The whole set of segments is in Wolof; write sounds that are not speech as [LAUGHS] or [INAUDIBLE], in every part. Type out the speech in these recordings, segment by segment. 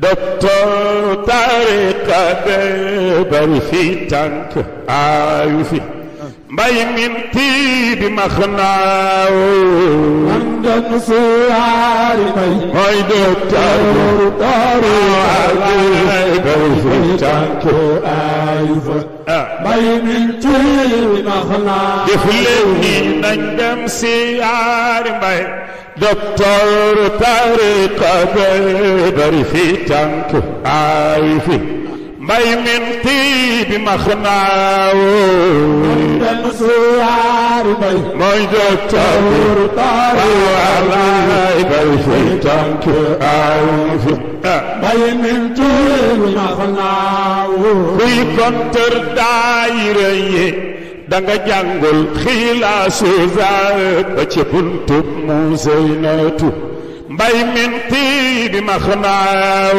docteur tariqa be bari fi tànk ayu bi max naawu man dem si aari mbay mooy docteur tariqa bi max naawu nañ dem si aari دكتور طارق بدر في تانك عايفي ما يمنتي بمخنعه ما دكتور طارق بدر في تانك عايفي ما يمنتي بمخنعه في كنتر دايريه danga jàngul xilaasu zaar ba ci buntub mu zeynatu mbay min tiibi max naaw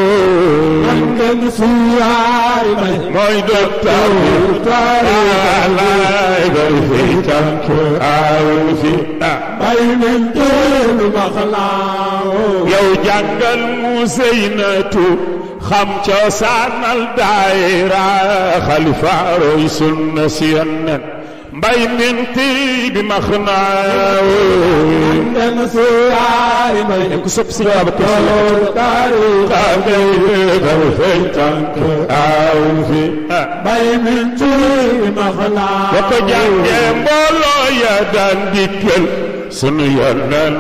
ngeen si yaari may mooy docteur taalaay bay fi tànk aw fi mbay min tiibi max naaw yow jàngal mu zeynatu xam coosaanal daayira xalifa roy sunna si yonnen mbay minti bi max naa woo. dem ko soppi si ñu Babacar Sy. jàngee mbooloo ya daan dikkal sunu yoon nan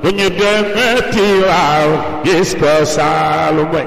bu ñu demee Tiwaawan gis ko Saalum bay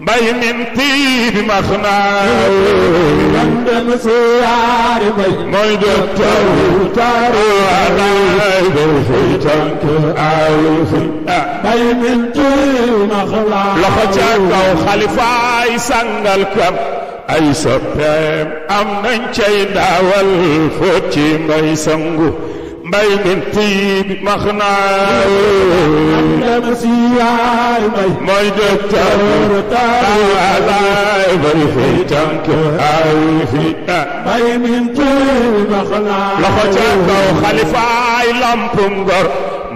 باي من طيب مخناي رندم سيار باي موي دكتور تارو علي برفي تنك عالفي باي من طيب مخناي لخجاك او خلفاي سنغل كم ay soppeem am nañ cay daawal fóot ci may sangu مي من طيب مخناي نفسي عالمي مي دكتور تعالي مي في تنك هاي في مي من طيب مخناي لخجاك وخلفاي لمبنغر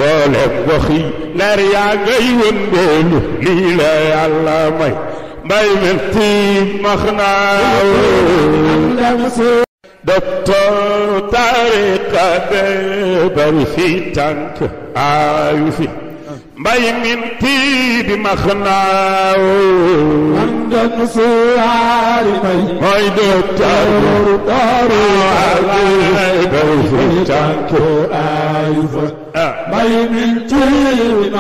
مولم وخي لاريا غيون بولو ليلا يالا مي مي من طيب مخناي docteur tariqa be bari fi tànk ayu fi mbay min tii bi max naaw may mooy docteur tariqa bari fi tànk ayu fa mbay min tii bi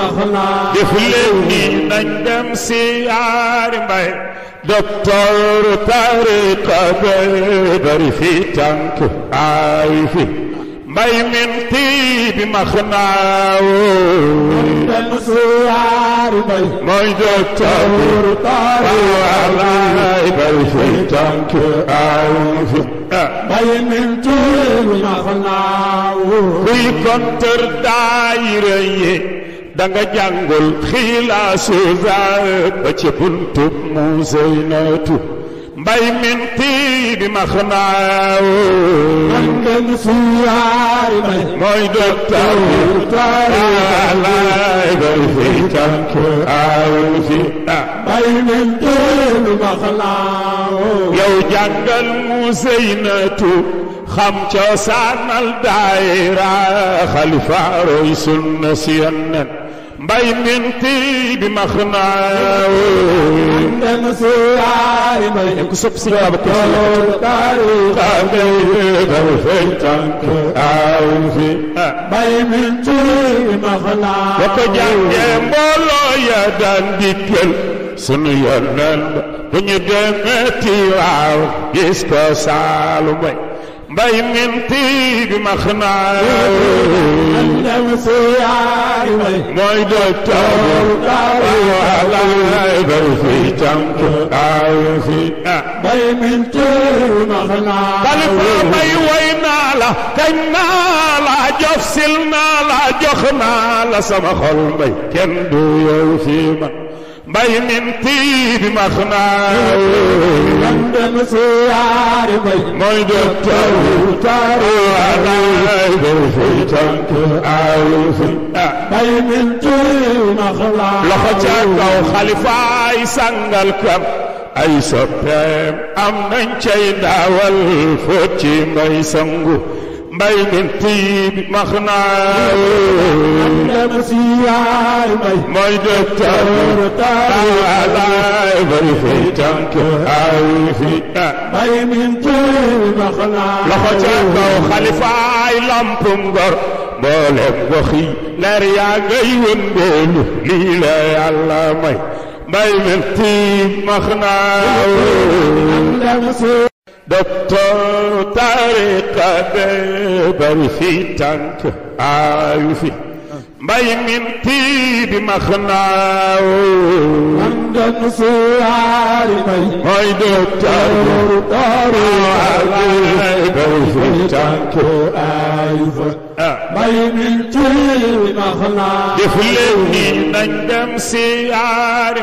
max si aari mbay دكتور طارق بيبري في تانك عايفي ما من طيب مخناوي مي دكتور طريقة بيبري في تانك عايفي مي من طيب مخناوي كنتر دايره danga jàngul xilaasu zaat ba ci buntu mu zeynatu mbay min tiibi maxnaawo angan suyaari may mooy docteur taalaay bal fi tank aaw fi mbay min tiibi maxnaawo yow jàngal mu zeynatu xam coosaanal daayira xalifa roy sunna si yonent mbay min bi ma xanaaw. dem si waay ba kër si waay. xam nga yéen a ngi fay tànk aw ah. bi ma xanaaw. ba ko jàngee mbooloo daan dikkal sunu yoon nan ba. bu ñu ti waaw gis ko saalu mbay. بين طيب مخمع النمس عيني في تمك عيفي بين من طيب مخمع قلب بي وينالا كنالا جف سلنالا جخنالا سمخ البي كندو يوفي mbay min tiibi max naa lan dem siyaare mbay mooy docteur taaru alaay boo fay tànk aw ah. min tiibi max naa loxo ca kaw xalifaay sangal kam ay soppeem am nañ cay daawal ci mbay sangu mbay min tiibi maxnaaw dem si yaay mbay mooy docteur taalaay bari fi tànk ay fi mbay min tiibi maxnaaw loxo ca kaw xalifaay lamp ngor mboolem gox yi leer yaa ngay wëndeelu lii la yàlla may mbay min tiibi maxnaaw docteur tariqa bee bari fi tànk aayu bi max may mooy docteur tariqa bee bari fi tànk bi max naaw def leen ni nañ dem siyaari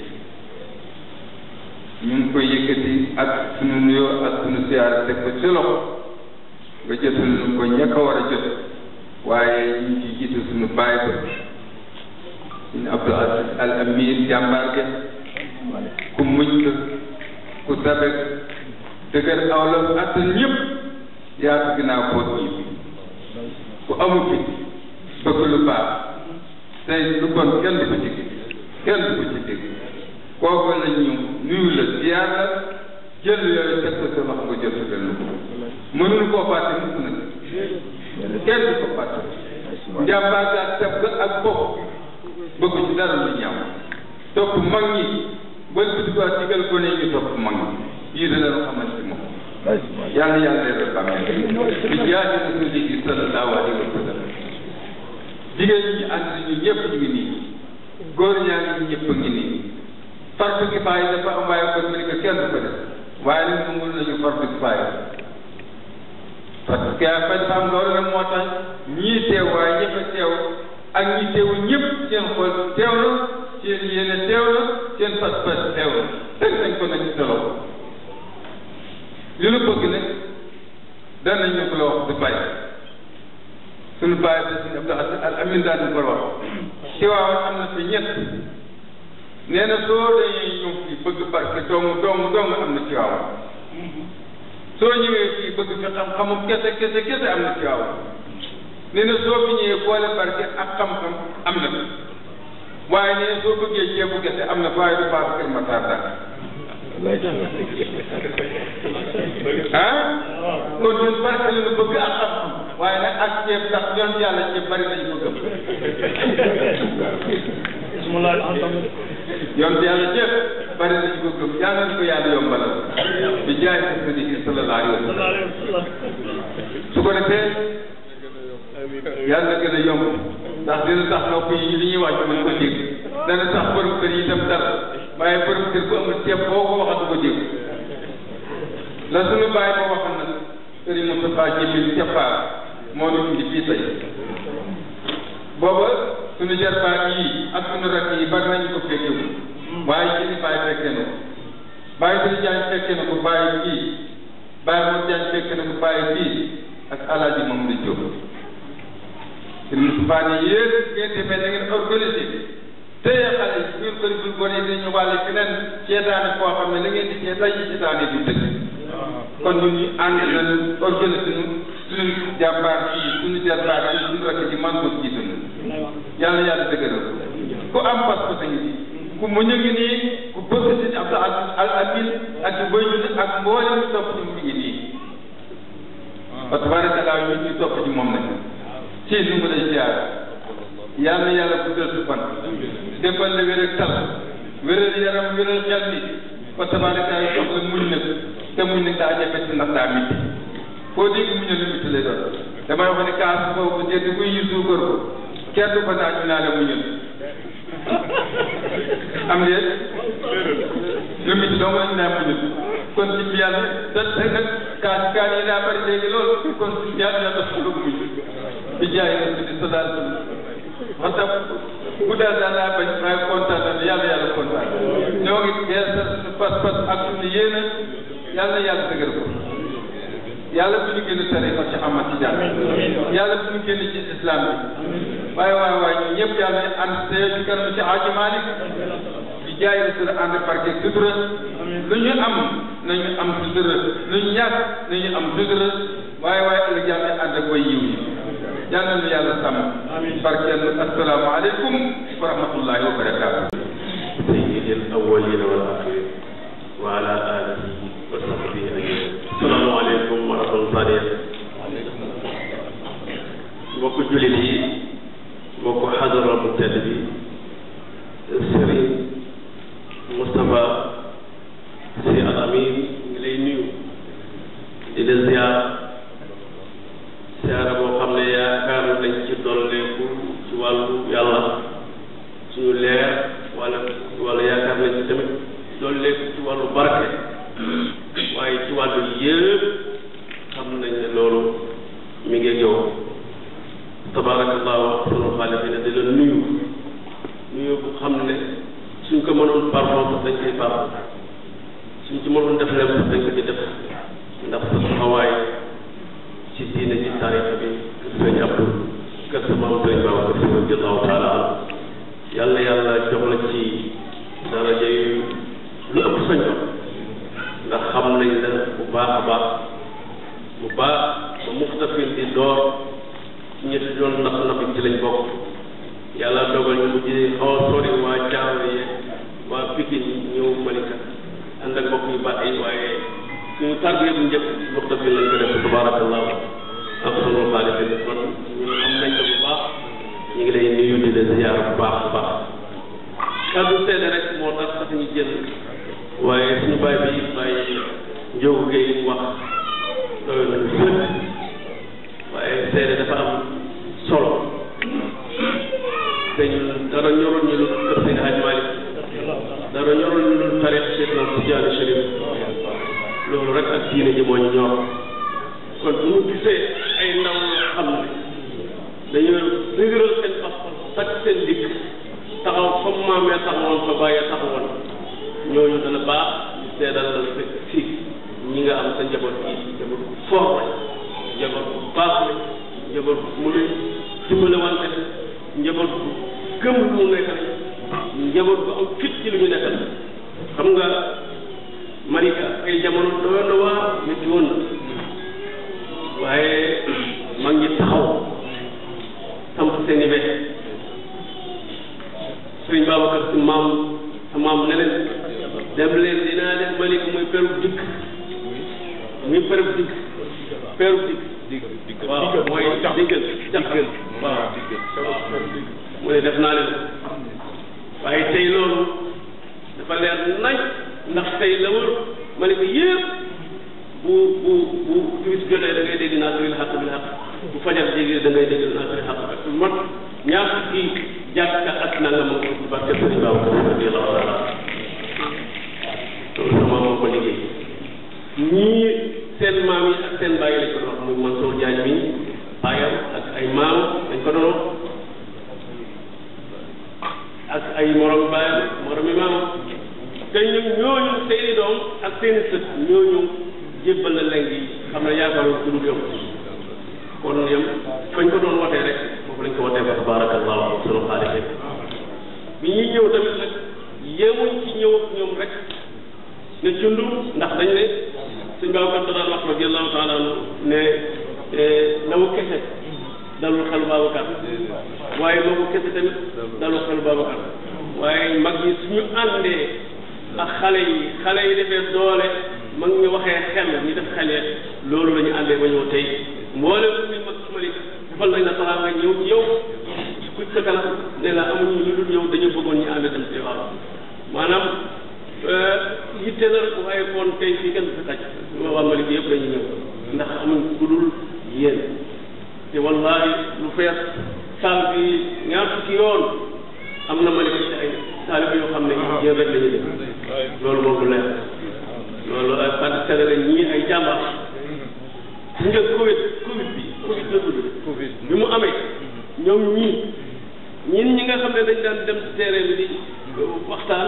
ñu ngi koy yëkkati ak sunu nuyoo ak sunu siyaar teg ko ci loxo nga jotal nu ko ñàkk a war waaye ñu ngi jiitu sunu baay ba suñu Abdul Aziz Al Amin jàmbaar ga ku muñ ka ku tabe dëgër awlam attan ñëpp yaa fi naa koo ñëpp ku amu fi bëgg lu baax kenn du ko ci kenn du ko ci dégg kooku la ñu nuyu la ziar la jël yooyu teg ko sa loxo nga jël sa benn ko mënuñu koo fàtte mukk nag kenn du ko fàtte njàmbaar ga teb ga ak bopp bëgg ci dara lu ñaaw topp mag ñi ba di ko digal gone ñu topp mag ñi yii da leen xamal ci moom yàlla yàlla leeral bàmmeel bi jaati rasuuli bi sallallahu alayhi wa sallam jigéen ñi ànd ñu ñëpp ñu ngi nii góor ñaa ngi ñëpp a ngi nii fardu kifaaya dafa am waaye ko mel ni kenn du ko def waaye nag nungul nañu fardu kifaaya parce que fañ loolu nag moo tax ñii teew waaye ñëpp a teew ak ñi teewu ñëpp seen xol teew la seen yéene teew la seen pas-pas teew la teg nañ ko nag ko la wax du wax am na fi ñett nee na soo dañuy ñëw fii bëgg barke doomu doomu doomu am na Tiwaawan soo ñëwee fii bëgg fi xam-xamu kese kese kese am na Tiwaawan nee na soo fi ñëwee boole barke ak xam-xam am na fi waaye nee na soo bëggee ceebu kese am na waaye du baax kër Matar daal ah kon ñun barke la ñu bëgg ak xam-xam waaye nag ak ceeb ndax ñoom yàlla ceeb bari nañu ko gëm. [LAUGHS] bismillah yonent yàlla jëf bari na ci ko gëm yàlla nañu ko yàlla yombalal bi jaay sa sëriñ bi sallallahu alayhi wa sallam su ko defee yàlla gën a yomb ndax dina tax nopp yi li ñuy wàcc mën ko dégg dana tax borom kër yi itam dara waaye borom kër bu amul ceeb boo ko waxatu ko dégg la suñu bàyyi moo waxoon nag sëriñ Moustapha Jibil Cappaar moo ñu indi fii tey booba suñu jarbaat yi ak suñu rakk yi bari nañu ko fekkewul waaye jëli bàyyi fekke na ko bàyyi sëñ Jaañ fekke na ko bàyyi kii bàyyi moom Jaañ fekke na ko bàyyi kii ak alaaji moom di jóg sëñ Mustafaa ne yéen ngeen demee na ngeen organisé téye xale yi ngeen ko diful bon yi dañu wàlle keneen seetaane koo xam ne la ngeen di cee lay seetaane du dëgg kon ñun ñu ànd nañu organisé suñu jàmbaar yi suñu jàmbaar yi suñu rakk ji man ko jiitu yàlla yàlla dëgëral ko ku am pas ko sa ngi ku muñ a ngi nii ku bëgg sëñ Abdou al amin ak bay ñu ak mboolem ñu topp ñu ngi nii wa tabaarakallah ñu ñuy topp ci moom nag ci nu mu lay jaar yal yàlla guddal su fan defal la wér ak wéral yaram wéral xel bi wa tabaarakallah soxla muñ nag te muñ nag daa jafe ci ndax daa métti foo dégg muñ ne lu métti lay doon damay wax ne kaas boobu jënd kuy yi suukar ko kenn du ko naa ñu naa la muñal am léegi jëm ci dong lañ nekk nit kon ci yàlla da da nag kaas kaas yi daa bari léegi loolu kon ci yàlla na def lu muy di jaay di di salaat wax dëgg bu daal daal laa bañ maay kontaan na yàlla yàlla kontaan ñoo ngi yeesal suñu pas-pas ak suñu yéene yàlla yàlla dëgër ko yàlla bu ñu génn tariqa ci Ahmad Tijaan yàlla bu ñu génn ci islam bi waaye waaye waaye ñun ñëpp yàlla ànd see ci kanam ci Aaji Maalik jaayal sura ànd barke sutura lu ñu am nañu am sutura lu ñu ñàkk nañu am sutura waaye waaye ëllëg yàlla ànd ak way yiw yi yal na nu yàlla sàmm barkeel assalaamu aleykum wa rahmatullahi wa barakaatu sayyidi al awwalina wal axirin wa ala alihi wa sahbihi ajmain salaamu aleykum wa rahmatullahi mbokk jullit yi mbokk xadara bu tedd bi sëriñ Moustapha si al amin ngi lay nuyu di la ziar ziara boo xam ne yaakaar nañ ci dolleeku ci wàllu yàlla suñu wala wala yaakaar nañ ci tamit dolleeku ci wàllu barke waaye ci wàllu yëpp xam nañ ne loolu mi ngi yow tabaarakallahu sunu xaalifina di la nuyu nuyu bu xam ne suñ ko mënoon parfum dañ koy parfum suñ ci mënoon def lépp dañ ko ci def ndax sa taxawaay ci diine ci tarixa bi kër sëñ Abdou kër sa maam sëñ Babacar Si radiallahu taala an yàlla yàlla jox la ci daraja yu lu ëpp sa njot ndax xam nañ la bu baax a baax bu baax ba muftafil di door ñetti doon napp napp ci lañ bokk yàlla dogal ñu mujjee xaw a sori waa Thiaw yi waa Pikine Malika ànd ak mbokk yu baax yi waaye suñu tàggu yëpp njëkk waxtaan bi lañ ko def tabaarakallah ak sunu xaalis kon ñu am nañ ko bu baax ñu ngi lay nuyu di la ziyaar bu baax bu baax. kàddu seede rek moo tax sax ñu jël waaye suñu baay bi bàyyi njóogu gay wax te ñun dara ñoroon ñu lu kër Seydi Hadj Malick dara ñoroon ñu lu tarix Cheikh na Tidiane Chérif loolu rek ak diine ji moo ñu ñor kon bu ñu gisee ay ndaw yoo xam ne dañoo dëgëral seen pas-pas sàcc seen dikk taxaw comme maam ya taxawoon fa bàyyee taxawoon ñooñu dana baax ñu seedal la sa si ñi nga am sa njaboot yi njaboot bu fort la njaboot bu baax la njaboot bu mu ne dimbale wante njaboot bu gëm lu mu njaboot bu am fit ci lu ñu nekkal xam nga Malika ay jamono doyoon na waa métti woon na waaye maa ngi taxaw samp seen i wet sëriñ Babacar si maam sa dem leen dinaa leen Malika muy perub dikk muy perub dikk perub dikk waaw mooy mu ne def naa leen waaye tey dafa leer nañ ndax tey la wër ma ne ko bu bu bu timis jotee da ngay dégg naasiril xaq bil xaq bu fajar jégee da ngay dégg naasiril xaq bil mot ñaar fukki jàkka ak nanga seen maam yi ak seen bàyyi lañ ko doon wax muy mi baayam ak ay maam dañ ko ay morom baay morom yi maam te ñun ñooñu seeni doom ak seeni sët ñooñu jébbal la leng yi xam ne yaakaaroon ku dul yow kon yam fañ ko doon wotee rek foofu lañ ko wotee ba tabarakallahu sunu ñëw tamit nag yemuñ rek ne cundu ndax dañ ne suñ baabakat da daan wax radiallahu eh, waaye boobu kese tamit dalul xel baabakat waaye mag yi ñu àndee ak xale yi xale yi defee doole mag ñu waxee xel ñu def xeleet loolu la ñu àndee ba ñëw tey mboolem ñu ne mag Malick defal nañ la taraanga ñëw ci yow ku sa kanam ne la amuñu lu dul yow dañu bëggoon ñu ànd dem Tiwaawan maanaam euh, yitte la rek waaye kon tey fii kenn sa taj waa Malick yëpp lañu ñëw ndax amuñ ku dul yéen te wallaahi lu fees saal bi ñaar fukki yoon am na malik ay taalibe yoo xam ne jéem rek la ñu loolu moom du leer loolu ay fàttali la ñii ay jàmbaar ñu nga covid bi mu amee ñoom ñii ñin ñi nga xam ne dañ daan dem ci terrain waxtaan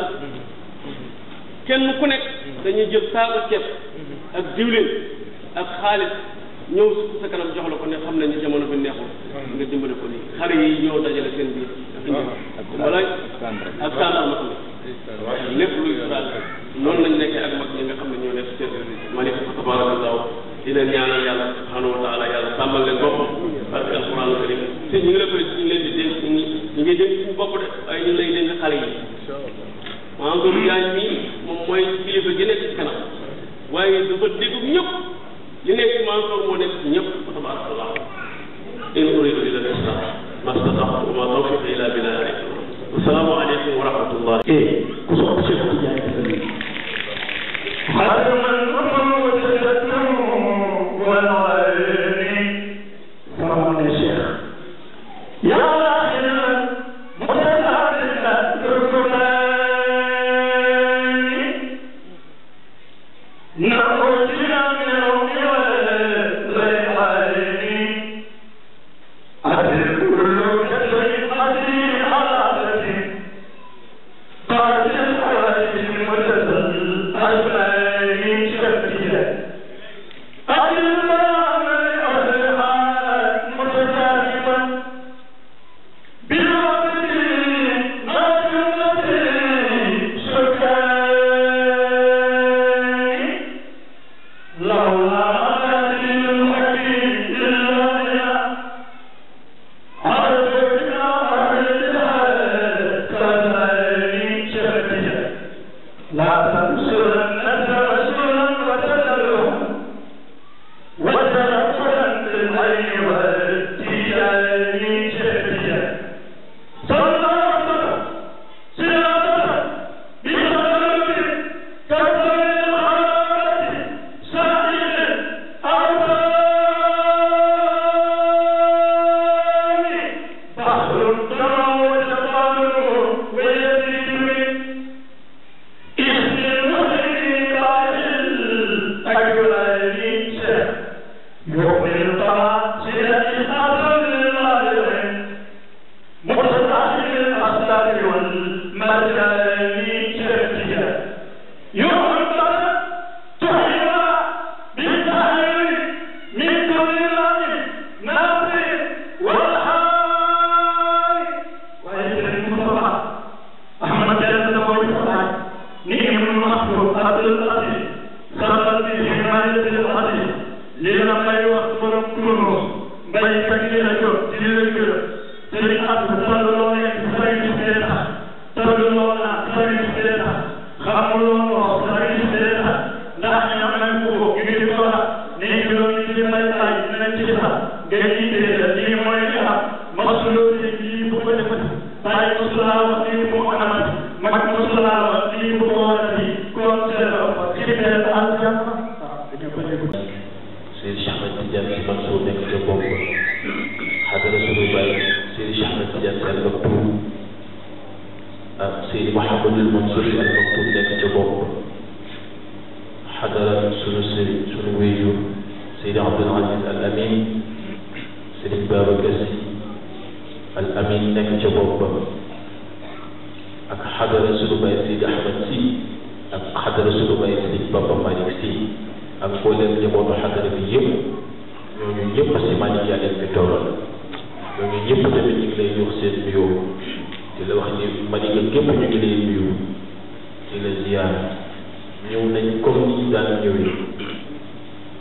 kenn ku nekk dañuy jël saaku ceeb ak diwlin ak xaalis ñëw sa kanam jox la ko ne xam nañu jamono bi neexul nga dimbale ko nii xale yi ñëw dajale seen biir wala ak tàndarma tamit lépp luy daal noonu lañ nekkee ak mag ñi nga xam ne ñoo nekk seen mani tabaraka allah di leen ñaanal yàlla subhanahu wa taala yàlla sàmmal leen boppam parce que alquran al karim te ñu ngi la koy ñu leen di dénk ñu ñu ngi dénk suñu bopp de waaye ñu ngi lay dénk xale yi maanaam doolu yaañ mii moom mooy kilifa gi nekk ci kanam waaye dafa dégg ñëpp li nekk Mansour moo nekk ñëpp tabaraka allah in uridu illa al-islah ma stata'tu wa ma tawfiqi illa billah السلام عليكم ورحمة الله إيه bi yàlla bi toogal ñooñu yëpp tamit ñu ngi lay jox seen nuyoo di la wax ni Malika gépp ñu ngi lay nuyu di la ziar ñëw nañ comme ni ñu daan ñëwee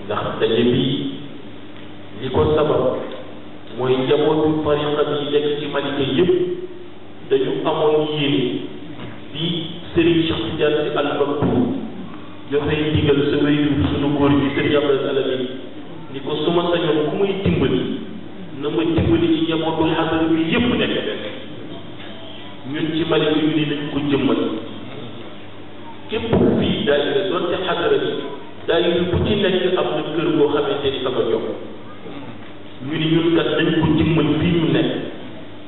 ndax daje bii li ko sabab mooy njabootu tariqa bi nekk ci Malika yëpp dañu amoon yéene di Serigne Cheikh Tidiane Sy Al Maktoum joxe ndigal sa wéyjur sunu góor gi Serigne Abdoul ba su ma sañoon ku muy dimbali na ma dimbali ci njabootu xadara bi yëpp nekk benn ci Mali bi ñu ne nañ ko jëmmal képp fii daayira doonte xadara bi nekk am na kër boo xamante ni dafa jox ñu ni ñu nekk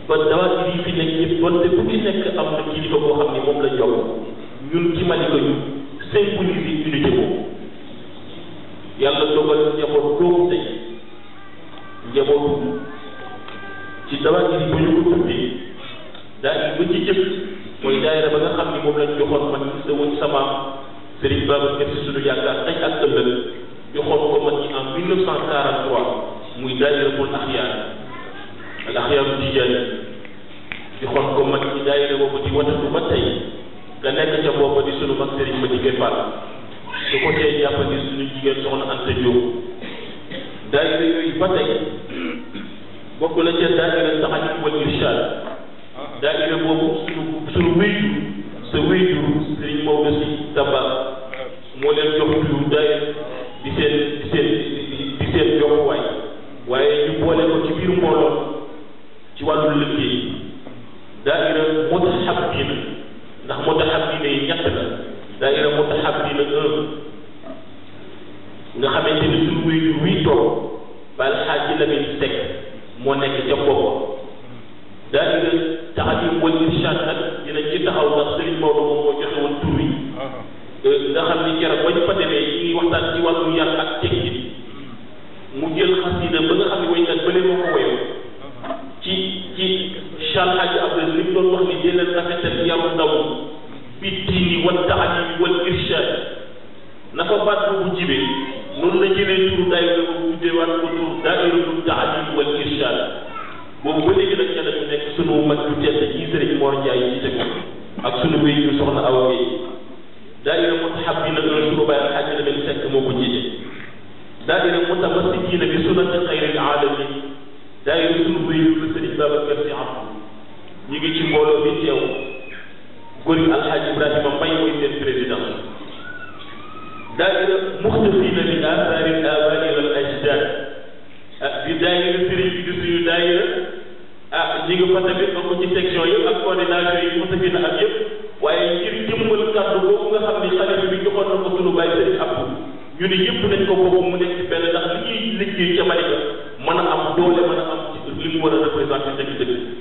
ba dawaat yi fi nekk yëpp doonte bu ci nekk am na kilifa boo xam ne moom la jox ñun ci Mali ko ñu cinq minutes yi unité boobu yàlla dogal njaboot boobu tey njaboot ci tabaski bi bu ñu ko tuddee daal ba ci jëf mooy daayira ba nga xam ni moom lañ joxoon man sa wuñ sama Serigne Babacar Sy suñu yaakaar tey ak ëllëg joxoon ko man ñi en 1943 muy daayira bul axyaar al axyaaru tijaani joxoon ko man ñi daayira boobu di watatu ba tey nga nekk ca booba di sunu mag Serigne ma di Fall su ko tee jàppandi suñu jigéen soxna Anta Diop daayira yooyu ba tey bokk na ca daayira taxañ wal irshad daayira boobu suñu suñu wéyju sa wéyju sëriñ Maodo si Tamba moo leen jox turu daayira di seen di seen di seen joxuwaay waaye ñu boole ko ci biir mbooloo ci wàllu liggéey daayira motaxabbiina ndax motaxabbiina yi ñett la daayira Mutahabina un nga xamante ni suñu wéy yu wii toog bal xaaji la muy teg moo nekk ca boppam daayira taxadim wal irshad nag dinañ ci taxaw ndax Serigne Maodo moom moo joxe woon tur wi uh-huh. euh, nga xam ni keroog ba ñu fa demee ñu ngi waxtaan ci wàllu yar ak teggin mu jël xasida ba nga xam ne waykat bële moo ko woyoon uh-huh. ci ci Cheikh Hadji Abdou li mu doon wax ni jëlal rafetal yaru ndaw bittiini wal taalim wal irshaad na ko baat boobu jibee noonu la jëlee tur daayira bu tuddeewaat ko tur daayiratul taalim wal irshaad boobu ba léegi nag ña dañu nekk sunu mag bu tedd ci Sëriñ Mor Ndiaye ci dëkk ak sunu wéy yu soxna Awa Gueye daayira mutahabbiina la sunu baay Alxaaji Lamin Sekk moo ko jiite daayira mutamassikiina bi sunnati xayril aalamiin daayira sunu wéy yu la Sëriñ Babacar Si Abdu ñu ngi ci mbooloo bi teew góor gi alxaaji Ibrahima Mbaye mooy seen président daayira muxtasina li asaari abaani wal ajdaad ah di daayira sëriñ bi di suñu daayira ah ñi nga fa tamit bokk ci section yëpp ak coordinateur yi muxtasina ak yëpp waaye ngir jëmmal kàddu boobu nga xam ne xalifa bi joxoon na ko sunu baay sëriñ Abdou ñu ne yëpp nañ ko boobu mu nekk ci benn ndax li ñuy liggéey ca Malika mën a am doole mën a am li mu war a représenté dëgg-dëgg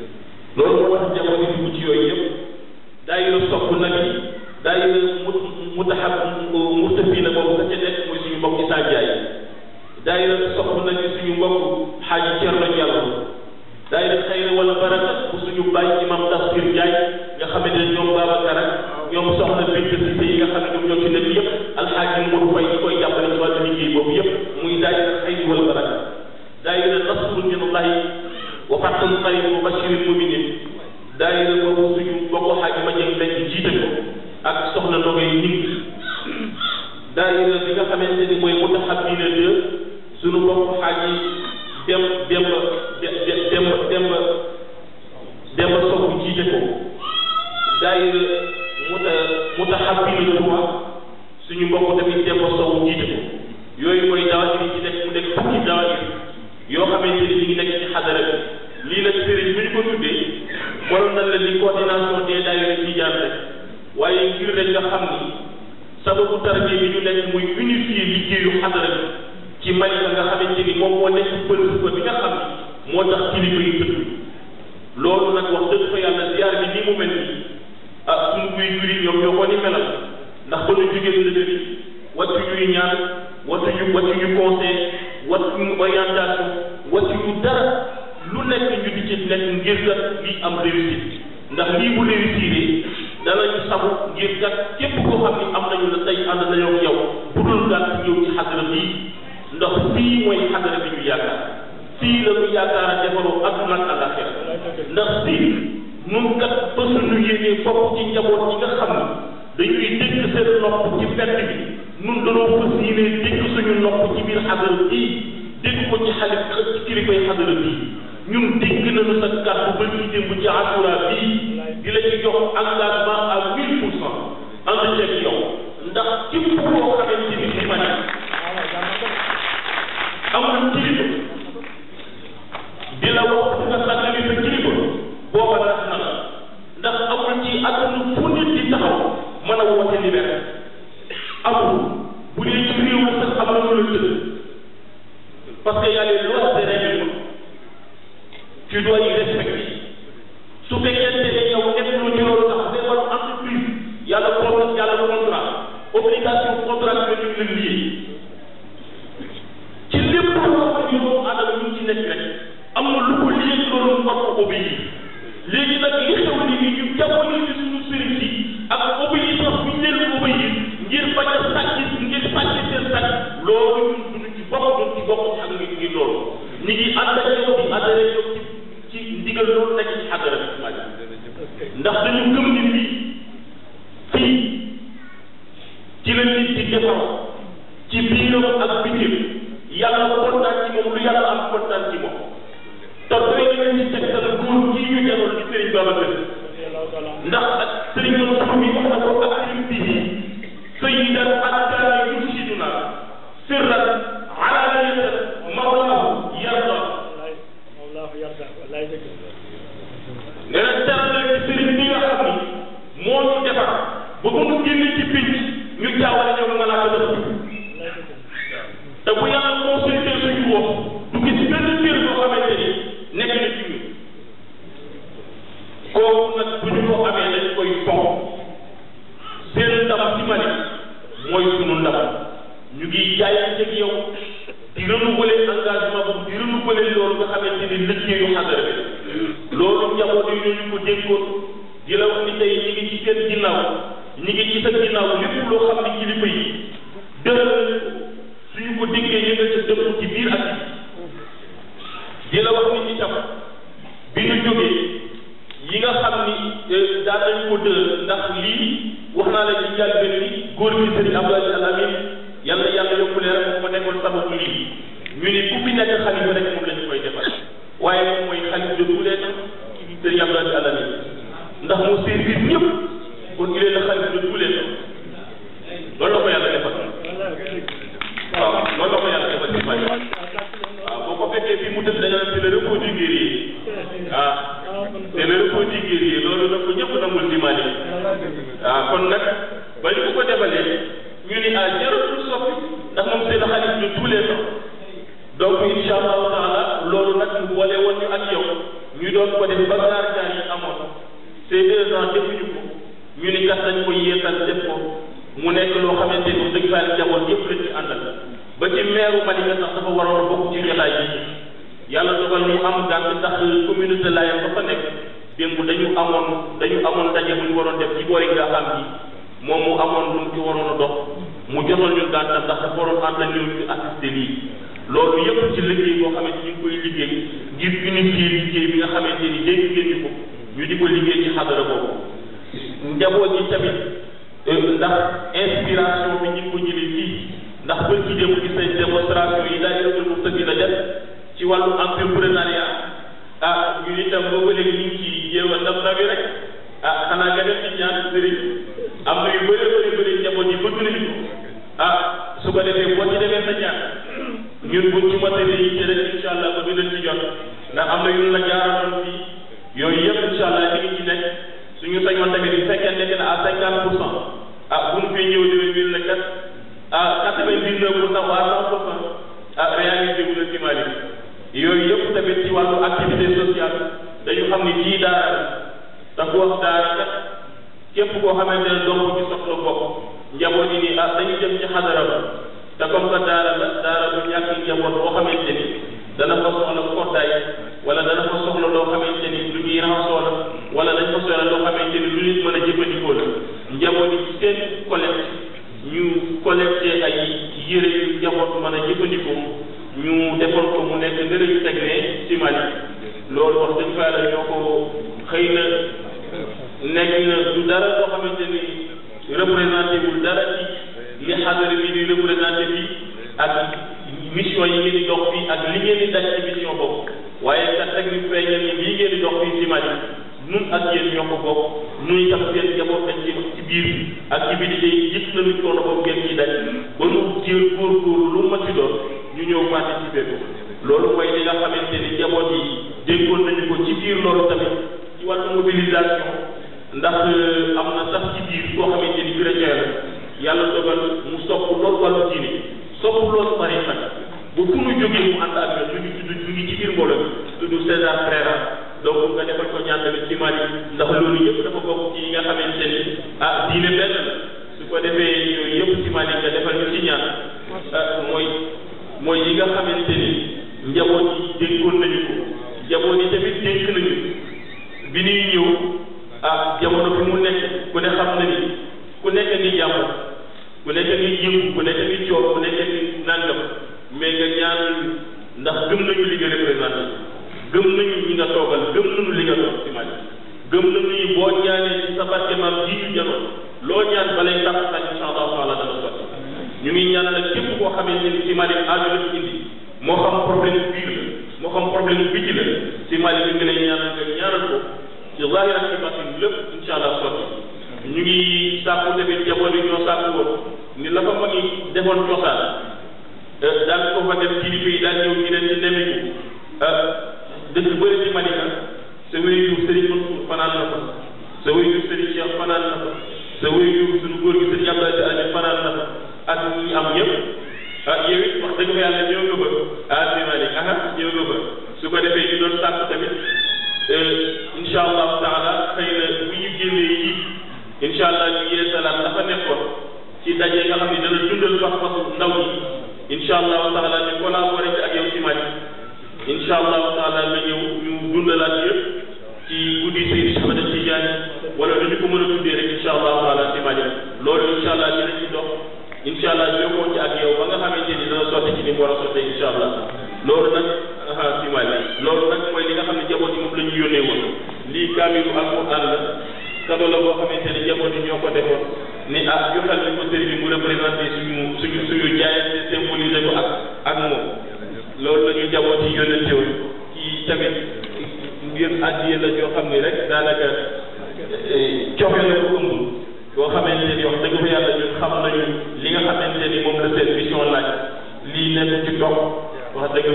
ಸಂಬಂಧಪಟ್ಟ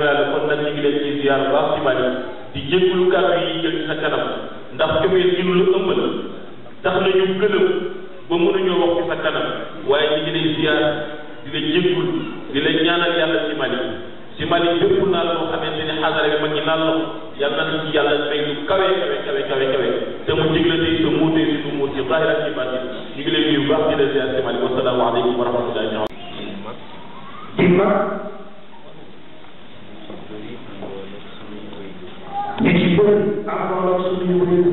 jàll kon nag ñu ngi leen ci ziar baax ci mani di jégglu kàddu yi jël sa kanam ndax ëmee gi lu ëmb la tax na ñu gëlëm ba mënuñoo wax ci sa kanam waaye ñu ngi lay ziar di la jéggul di la ñaanal yàlla ci mani ci mani bépp naal loo xamante ne xaadara bi ma ngi naal loo yàlla na ci yàlla may lu kawe kawe kawe kawe kawe te mu jig la tey sa muutee suñu muut ci zahira ci baatin ñu ngi lay nuyu baax di la ziar ci mani wasalaamaaleykum wa rahmatullahi wa bëri àndoon ak suñu réew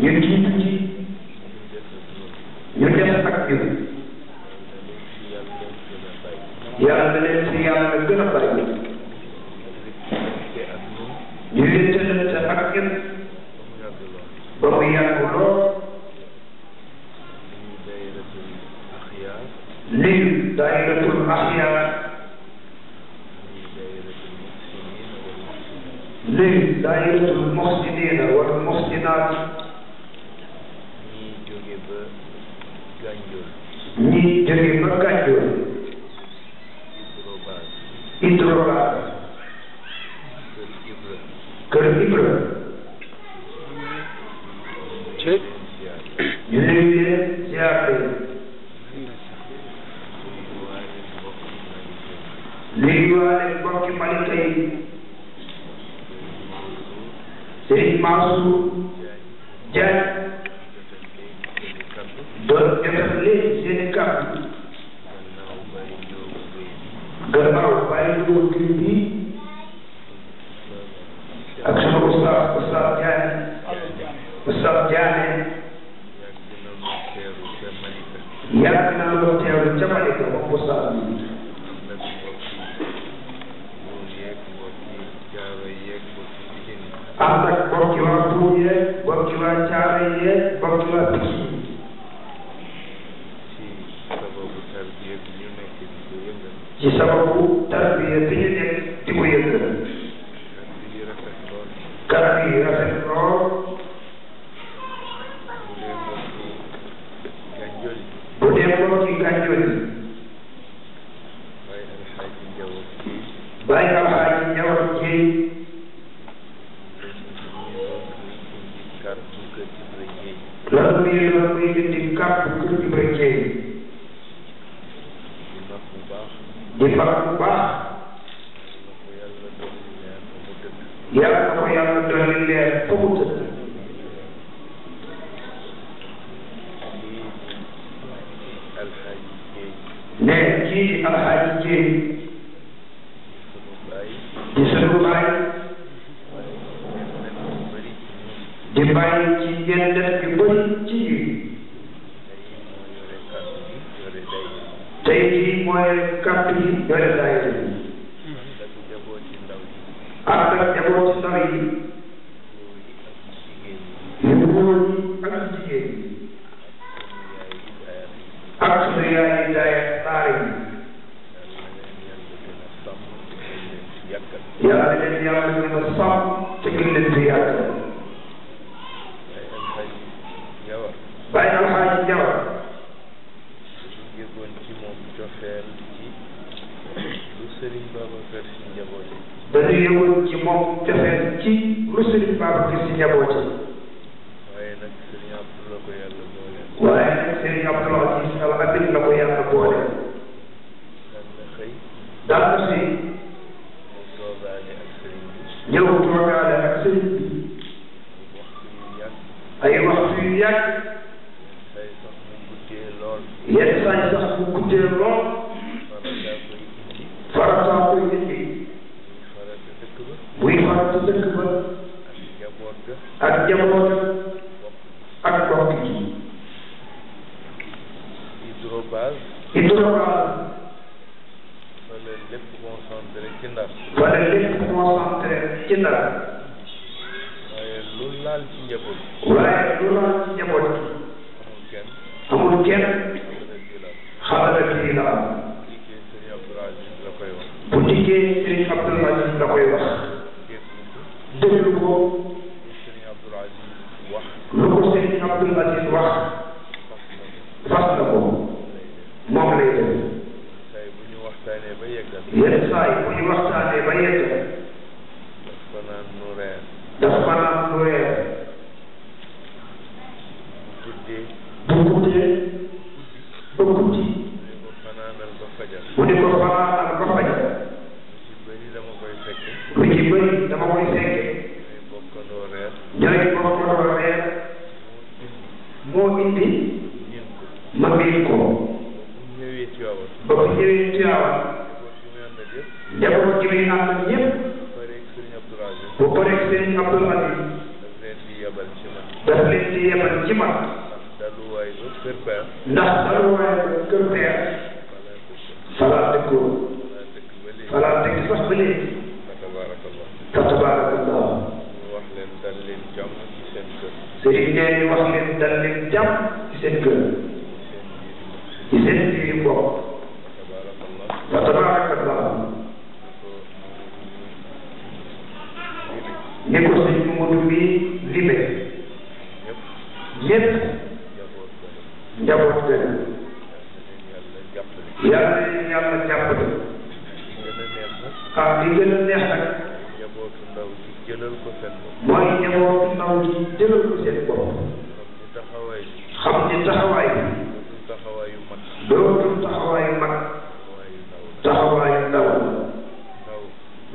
ñu jiitu ci ñu def ak ñun yàlla na leen si yàlla gën a bàyyi ñu leen tënante ak ñun ba mu yàgg lool lii daayiratul axyaar الزيت داير المحسنين والمحسنات не перебракативать и дрова карибра чек или взятый Ливали Бог и молитвы Jadi masuk Jad Dan yang terlih Zinikam Gerbau Bayu Kini Aksu Ustaz Ustaz Jani Ustaz Jani Yang kenal Bukti Yang kenal Bukti Yang kenal Bukti Yang kenal Bukti Atak bagi waktu dia, bagi cara dia, bagi waktu. Jika aku terbiar dia yang dibuat dengan kerabat rasa roh boleh mesti ganjil baik alhamdulillah baik loolu muy loolu muy dindi kàpp kër gi bay ceeb di faral bu baax yàlla na ko yàlla dolli leer fa mu tëdd di sunu baay di bàyyi ci yenn yu bëri ci yi tey jii mooy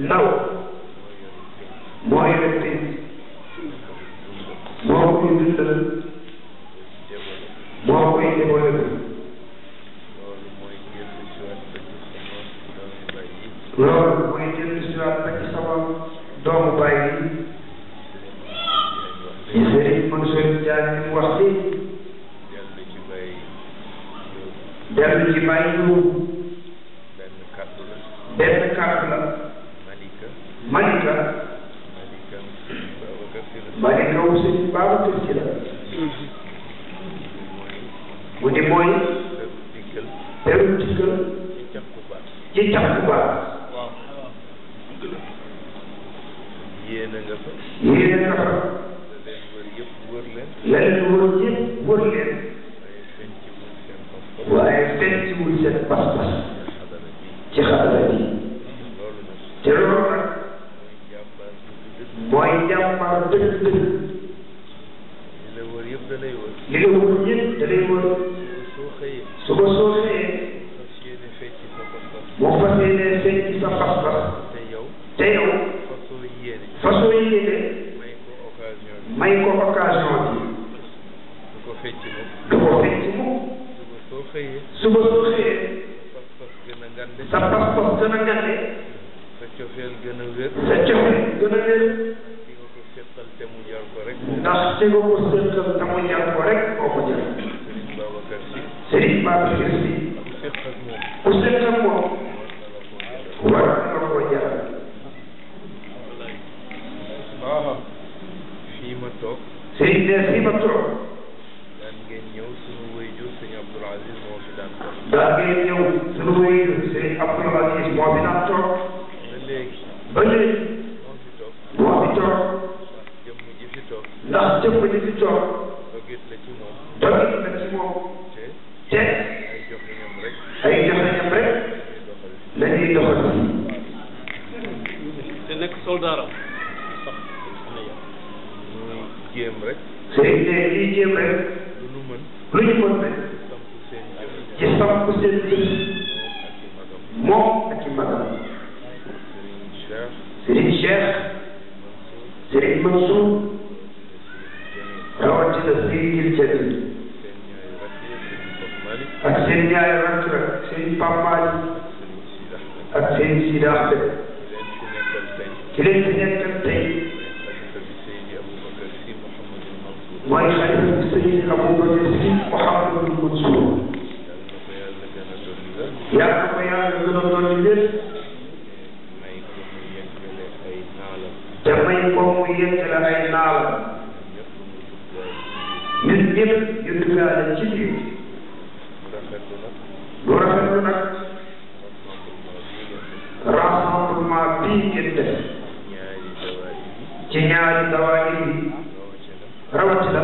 Now, yi ngeen def ci ñaari dawaa yi rawatina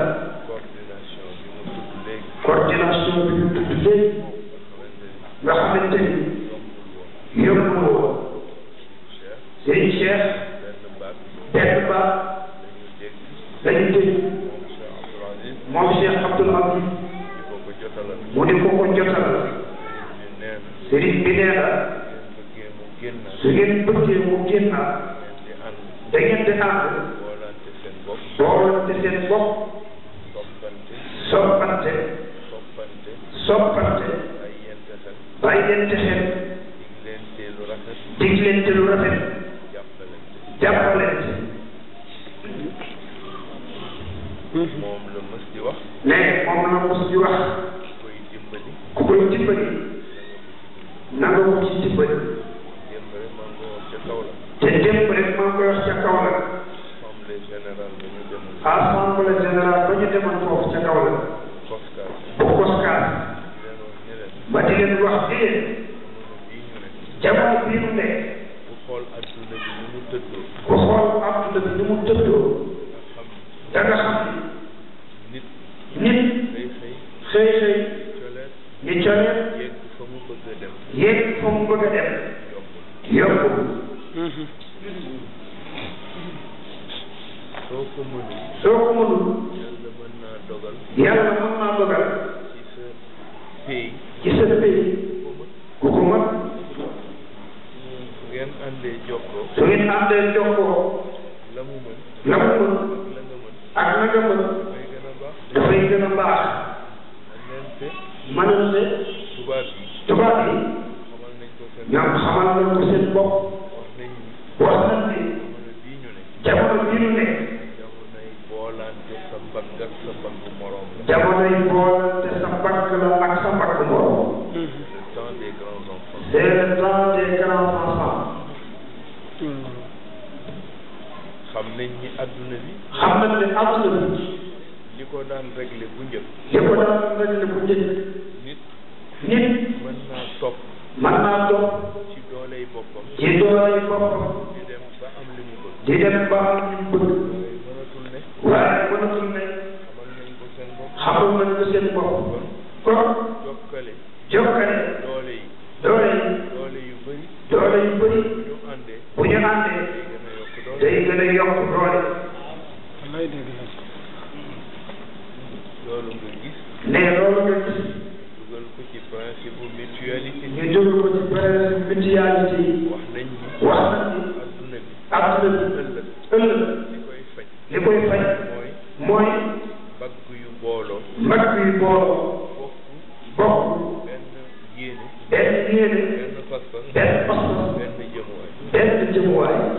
Death Death Death Death Death Death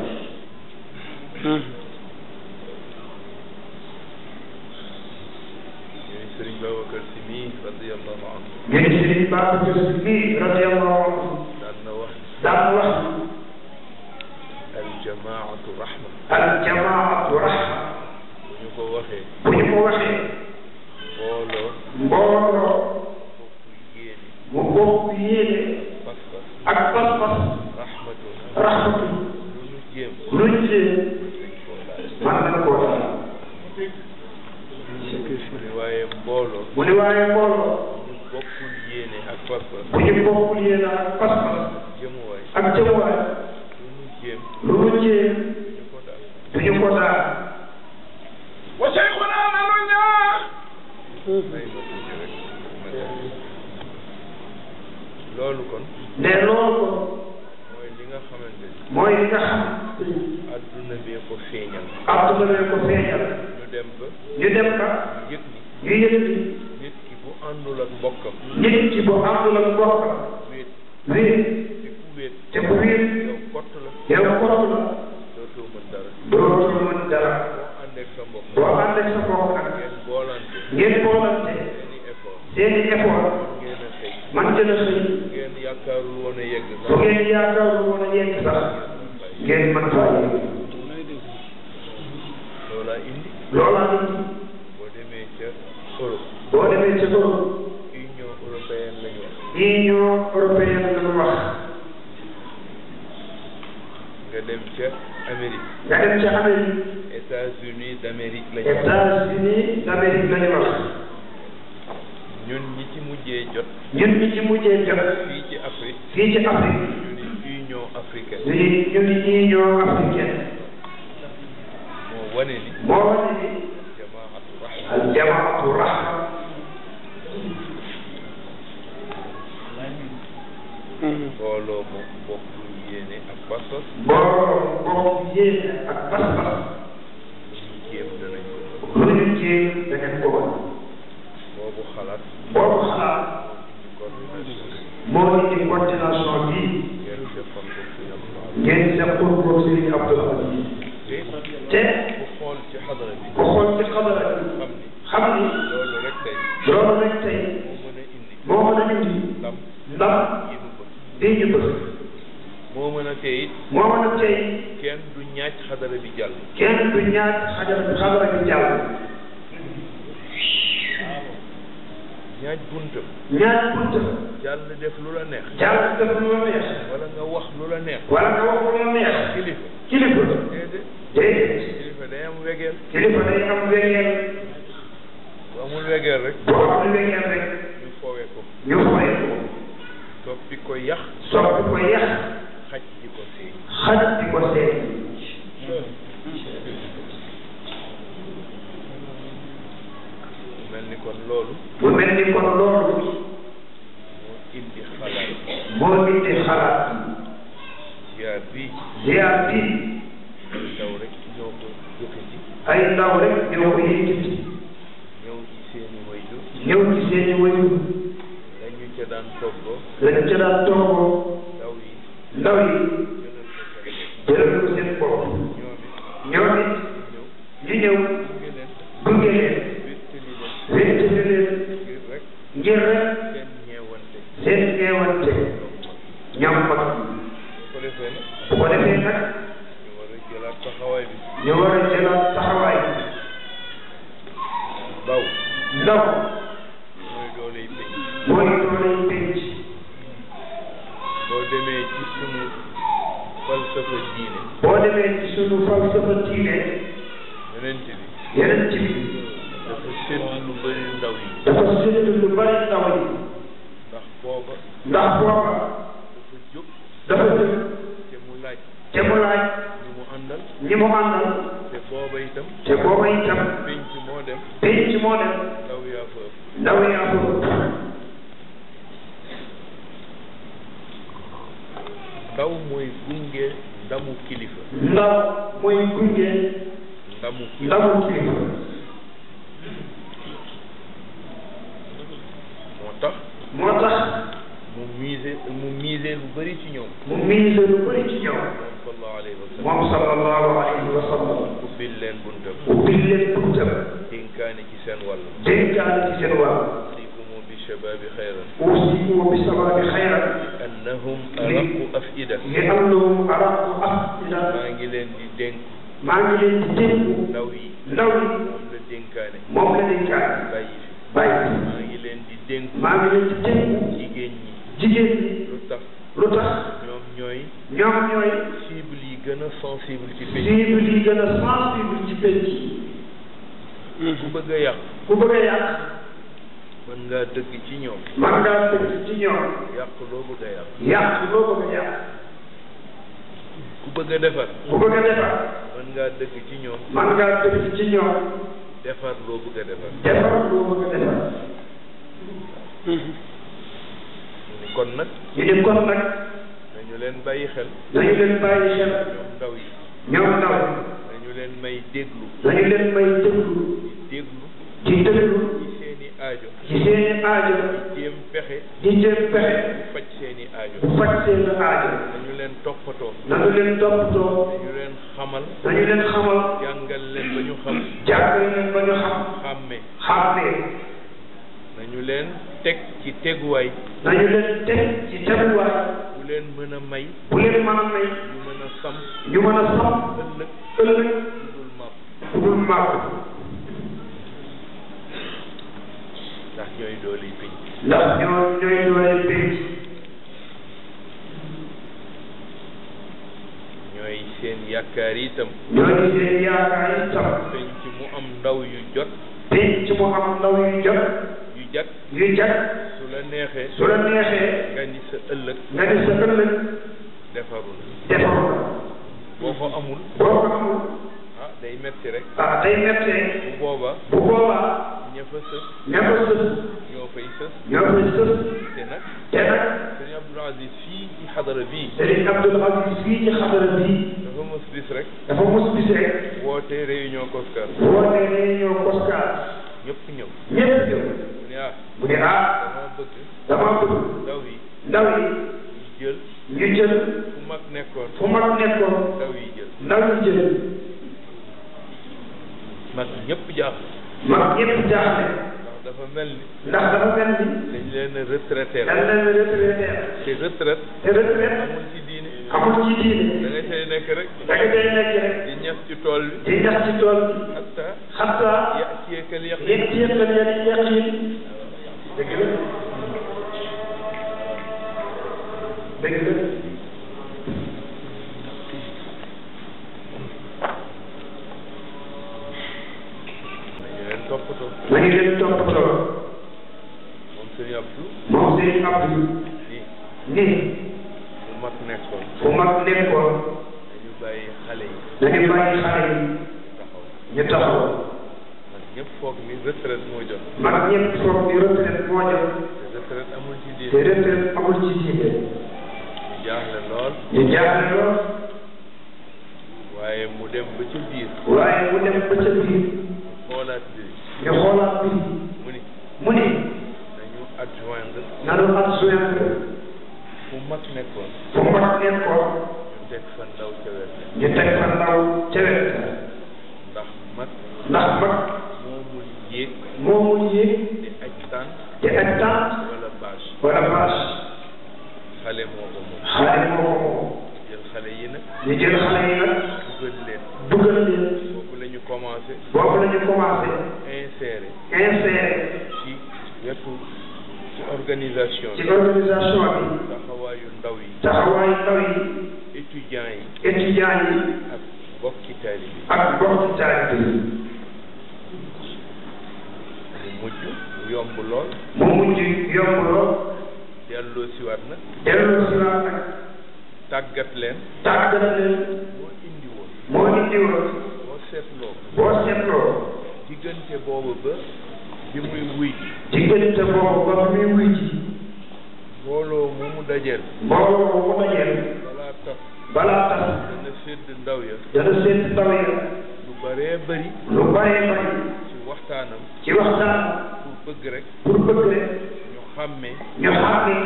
sox di ko yàq xaj di ko seey xaj di ko seey mu mel ni kon loolu mu mel ni kon loolu moo indi xalaat moo indi xalaat ziar bi ziar bi ay ndaw rek ñoo ko jóge ci ay ndaw rek ñoo ko yëkkati ñëw ci seeni wayjur ñëw ci seeni wayjur lañ ca daan togg ndaw yi jëlal ko seen bopp ñoom it ñu ñëw gunge leen wéttali leen ngir rek seen ñeewante ñoom mag bu ko defee nag ñu war a jëlaat taxawaay bi ndaw falsafa diine. boo demee ci sunu falsafa diine. yeneen ci bi. yeneen ci bi. dafa sédd lu bëri ndaw yi. dafa sédd lu bëri ndaw yi. ndax booba. ndax booba. dafa jóg. dafa jóg. te mu laaj. te mu laaj. ñi mu àndal. ñi mu àndal. te booba itam. te booba itam. penc moo dem. penc moo dem. ndaw yaa fa ëpp. ndaw yaa fa ëpp. ndaw mooy gunge ndamu kilifa. ndaw mooy gunge. ndamu kilifa ndamu kilifa. moo tax. moo tax. mu miise mu miise lu bëri ci ñoom. mu miise lu bëri ci ñoom. moom sallallahu alayhi wa sallam. ubbil leen buntam. ubbil leen buntam. dénkaane ci seen wàll. dénkaane ci seen wàll. usikum bi shababi xayran. usikum bi shababi xayran. annahum araqu afida li annahum araqu afida maa ngi leen di dénk maa ngi leen di dénk ndaw yi ndaw yi moom la dénkaane moom la dénkaane bàyyi fi bàyyi fi maa ngi leen di dénk maa ngi leen di dénk jigéen ñi jigéen ñi lu tax lu tax ñoom ñooy ñoom ñooy cible yi gën a sensible ci penc cible yi gën a sensible ci penc ku bëgg a yàq ku bëgg a yàq mën ngaa dëgg ci ñoom mën ngaa dëgg ci ñoom yàq loo bëgg a yàq yàq loo bëgg a yàq ku bëgg a defar ku bëgg a defar mën ngaa dëgg ci ñoom mën ngaa dëgg ci ñoom defar loo bëgg a defar defar loo bëgg a defar kon nag ñu ne kon nag dañu leen bàyyi xel dañu leen bàyyi xel ñoom ndaw yi ñoom ndaw dañu leen may déglu dañu leen may déglu di déglu di déglu aajo. ci seeni aajo. di jéem pexe. di jéem pexe. faj seeni aajo. faj seeni aajo. nañu leen toppatoo. nañu leen toppatoo. nañu leen xamal. nañu leen xamal. jàngal leen ba ñu xam. jàngal leen ba ñu leen teg ci teguwaay. nañu leen teg ci teguwaay. bu leen mën a may. bu leen mën a may. ñu mën a sam. ñu mën a sam. ëllëg ëllëg. ku dul màpp. ku dooley pénc ndax ñoom ñooy dooley pénc ñooy seen yaakaar itam ñooy seen yaakaar itam pénc mu am ndaw yu jot pénc mu am ndaw yu jot yu jag yu jag su la neexee su la neexee nga ni sa ëllëg nga ni sa ëllëg defaru defaru boo ko amul boo ko amul ah day metti rek ah day metti bu boobaa bu boobaa ña fa sës. ña fa sës. ñoo fay sës. ñoo fay sës. te nag. te nag. sëriñ Abdoul Aziz fii ci xadara bii. sëriñ Abdoul Aziz fii ci xadara bii. dafa mos bis rek. dafa mos bis rek. woote réunion COSCAR. woote réunion COSCAR. ñëpp ñëw. ñëpp ñëw. bu ne ah. bu ne ah. dama bëgg. dama bëgg. ndaw yi. ndaw yi. ñu jël. ñu jël. fu mag nekkoon. fu mag nekkoon. ndaw yi jël. ndaw yi jël. mag ñëpp jaaxle. mag ñëpp jaaxle. ndax dafa mel ni. ndax dafa mel ni. dañ leen a retraité la. dañ leen a retraité la. te retraite. te retraite. amul ci diine. amul ci diine. da nga cay nekk rek. da nga cay nekk rek. di ñax ci tool bi. di ñax ci tool bi. hatta. hatta. ya'tiyakal yaqiin. ya'tiyakal yaqiin. dëgg la. dëgg la. ma ni leen toppatoo moom sëriñ Abdou ni bu mag nekkoon bu mag nekkoon dañu bàyyi xale yi dañu bàyyi xale yi ñu taxaw mag ñëpp foog ni retraite moo jot mag ñëpp foog ni retraite moo jot te retraite amul ci diine te retraite amul ci diine ñu jaaxle lool ñu jaaxle lool waaye mu dem ba ca biir waaye mu dem ba ca biir xoolaat nga xoolaat bi mu ne nañu adjoindre nañu adjoindre fu mag nekkoon fu mag nekkoon ñu teg fa ndaw ca wet ñu teg fa ndaw ca wet ndax mag ndax mag moomul yéeg moomul yéeg di aj taan di aj taan wala bâche wala bâche xale moo ko moom xale moo ko moom jël xale yi nag ñu jël xale yi nag dugal leen dugal leen boobu la ñu commencé boobu la ñu commencé inséré. inséré. ci wetu ci organisation bi. ci organisation bi. taxawaayu ndaw yi. taxawaayu ndaw yi. étudiants yi. étudiants yi. ak bokki taalibe bi. ak bokki taalibe bi. mu mujj mu yomb lool. mu mujj yomb lool. delloo siwaat nag. delloo siwaat nag. tàggat leen. tàggat leen. moo indi woon. moo indi woon. boo seetloo. boo seetloo. diggante boobu ba bi muy wuy ji diggante boobu ba bi muy wuy ji mbooloo mu mu dajeel mbooloo mu mu dajeel balaa tax balaa tax dana sédd ndaw ya dana sédd ndaw ya lu baree bëri lu baree bëri ci waxtaanam ci waxtaanam pour bëgg rek pour bëgg rek ñu xàmmee ñu xàmmee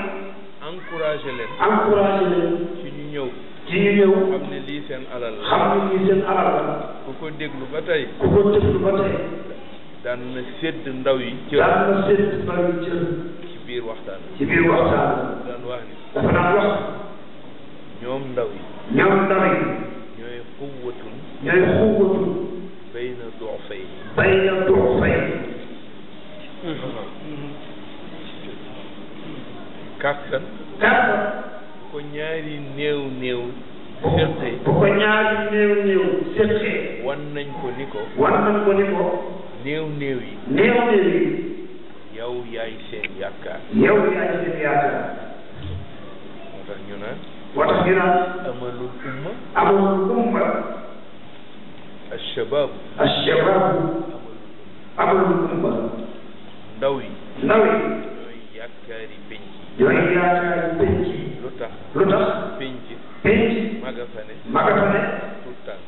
encouragé leen encouragé leen ci ñu ñëw ci réew. xam ne lii seen alal la. xam ne lii seen alal la. ku ko déglu ba tey. ku ko déglu ba tey. daan na sédd ndaw yi. cër daan na sédd ndaw yi cër. ci biir waxtaan. ci biir waxtaan. daan wax ni. dafa daan wax. ñoom ndaw yi. ñoom ndaw yi. ñooy xuwwatun. ñooy bay na doo fay. bay na doo fay. Mhm. kàttan. kàttan. ko ñaari néew néew sërtee bu ko ñaari néew néew sërtee wan nañ ko ni ko wan nañ ko ni ko néew néew yi néew néew yi yow yaay seen yaakaar yow yaay seen yaakaar moo tax ñu naan moo tax ñu naan amalul umma amalul umma الشباب الشباب أبو الأمة نوي نوي يا كاري بنتي يا كاري بنتي tax lu tax penc penc maga fa ne maga fa ne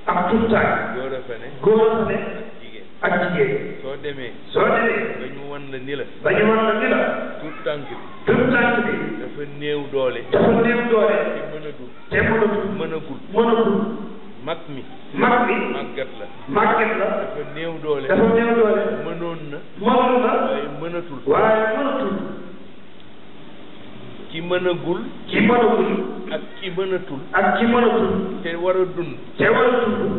ak tuttaag góor a fa ne góor a fa ne ak jigéen soo demee soo demee ba ñu wan la ni la ba ñu wan la ni la tuut tànk bi tuut tànk bi dafa néew doole dafa néew doole te mën a dul te mën a dul mën a gul mën a gul mag mi mag mi màggat la màggat la dafa néew doole dafa néew doole mënoon na mënoon na waaye mënatul waaye mënatul ki mënagul. ki mënagul. ak ki mënatul. ak ki mënatul. te war a dund. te war a dund.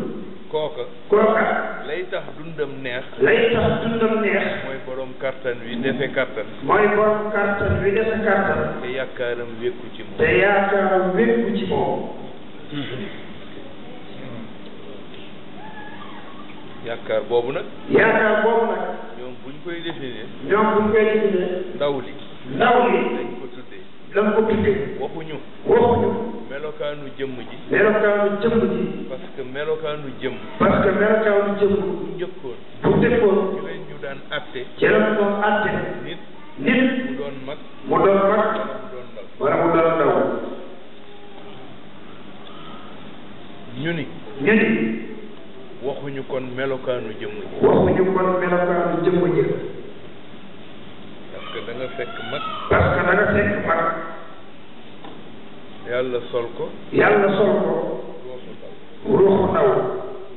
kooka. kooka. lay tax dundam neex. lay tax dundam neex. mooy borom kàttan wi defe kàttan. mooy borom kàttan wi defe kàttan. te yaakaaram wékku ci moom. te yaakaaram wékku ci moom. yaakaar boobu nag. yaakaar boobu nag. ñoom buñ koy définir. ñoom buñ koy définir. ndaw li. ndaw li. lan ko tuddee. waxuñu. waxuñu. melokaanu jëmm ji. melokaanu jëmm ji. parce que melokaanu jëmm. parce que melokaanu jëmm. bu bu njëkkoon. ci lañ ñu daan atte. ci lañ doon atte. nit. nit mu doon mag. mu doon mag. wala mu doon ndaw. ñu ni. ñu ni. waxuñu kon melokaanu jëmm ji. waxuñu kon melokaanu jëmm ji. que da fekk mag. parce que da fekk mag. yàlla sol ko. yàlla sol ko. ruuxu ndaw.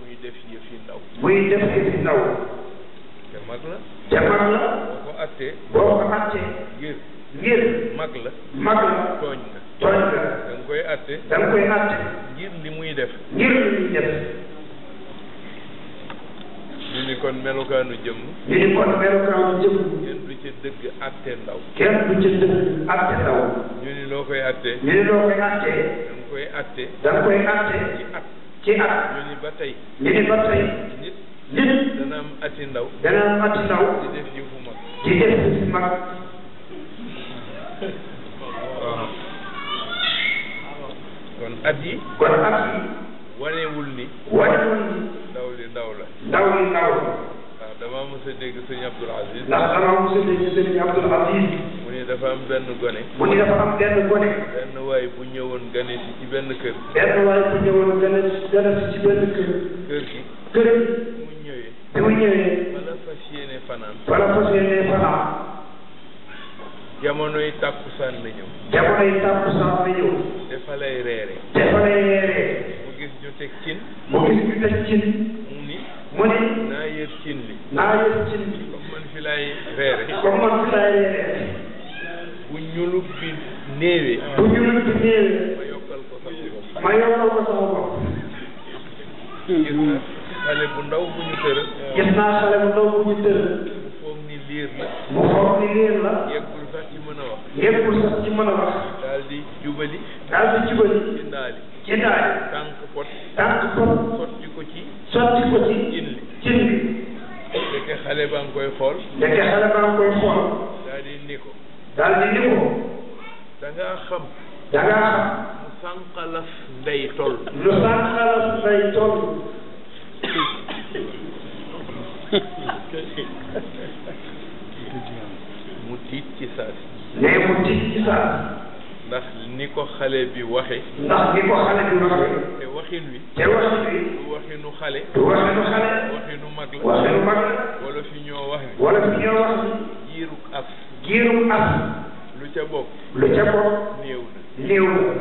muy def yëfi ndaw. muy def yëfi ndaw. te mag la. te mag la. boo ko attee. boo ko attee. ngir. ngir. mag la. mag la. tooñ nga. tooñ nga. da koy attee. da koy attee. ngir li muy def. ngir li muy def. ni kon melokaanu jëmm ñu ni kon melokaanu jëmm kenn du ci dëgg atte ndaw kenn du ci dëgg atte ndaw ñu ni loo koy atte ñu ni loo koy atte da koy atte ci at ci at ñu ni ba tey nit nit dana ndaw dana am ndaw di def yëfu mag di def mag kon at yi kon at yi wanewul ni wanewul ni ndaw la. ndaw li ndaw la. ndax damaa mos a dégg sëñ Abdoul Aziz. ndax damaa mos a dégg sëñ Abdoul Aziz. mu ni dafa am benn gone. mu ni dafa am benn gone. benn waay bu ñëwoon gane si ci benn kër. benn waay bu ñëwoon gane gane si ci benn kër. kër gi. kër gi. mu ñëwee. bi mu ñëwee. bala fas yéene fanaan. bala fas yéene fanaan. jamono yi tàkkusaan la ñëw. jamono yi tàkkusaan la ñëw. dafa lay reere. dafa lay reere. mu gis ñu teg cin. mu gis ñu teg cin. mu ni. naa yër cin li. naa yër cin li. comme man fi laay reere. comme man fi laay reere. bu ñuul bi néewee. bu ñuul bi néewee. ma yokkal ko sama bopp. ma yokkal ko sama bopp. gis naa xale bu ndaw bu ñu tërë. gis naa xale bu ndaw bu ñu tërë. mu foog ni liir la. mu foog ni liir la. yeggul sax ci mën a wax. yeggul sax ci mën a wax. daal di jubali. daal di jubali. ci ndaali. ci ndaali. tànk pot. tànk pot. sotti ko ci cin bi. ndeke xale baa ngi koy xool. ndeke xale baa ko. daal di ni ko. da ngaa xam. da ngaa xam. lu sànqalaf ndey toll. lu sànqalaf ndey toll. [LAUGHS] ndax ni ko xale bi waxe ndax ni ko xale bi waxe te waxin wi te waxin wi du waxinu xale du waxinu xale waxinu mag la waxinu mag la wala fi ñoo wax ni wala fi ñoo wax ni giirug as giirug as lu ca bokk lu ca bokk néew na néew na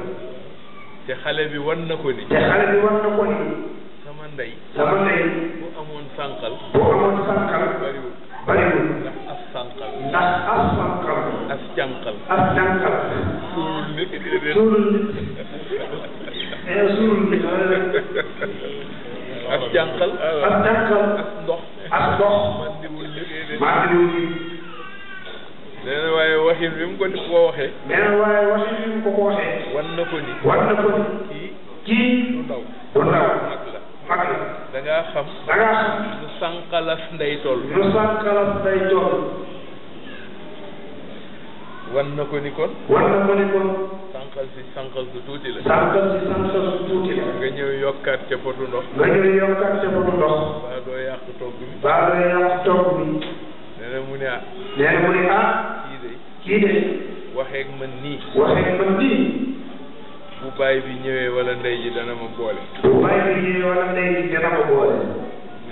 te xale bi wan na ko ni te xale bi wan na ko ni sama ndey sama ndey bu amoon sànqal bu amoon sànqal bariwul bariwul ndax as sànqal ndax as sànqal as jànqal as jànqal suurul nit nee na suurul nit ma ne rek ak jànqal ak jànqal ndox ak ndox màndiwul nit nee na waaye waxin bi mu ko ko waxee nee na waaye waxin bi mu ko ko waxee wan na ko ni wan na ko ni kii kii du ndaw du ndaw mag la da ngaa xam da ngaa xam nu sànqalas nday toll nu sànqalas nday toll wan na ko ni kon. wan na ko ni kon. si sànqal su tuuti la. sànqal si sànqal su tuuti la. nga ñëw yokkaat ca potu ndox. nga ñëw yokkaat ca potu ndox. baa doo yàq togg bi. baa doo yàq togg bi. nee ah, mu ne ah. kii de. kii de. waxeeg man nii. waxeeg man nii. bu baay bi ñëwee wala ndey ji dana ma boole. bu baay bi ñëwee wala ndey ji dana ma boole.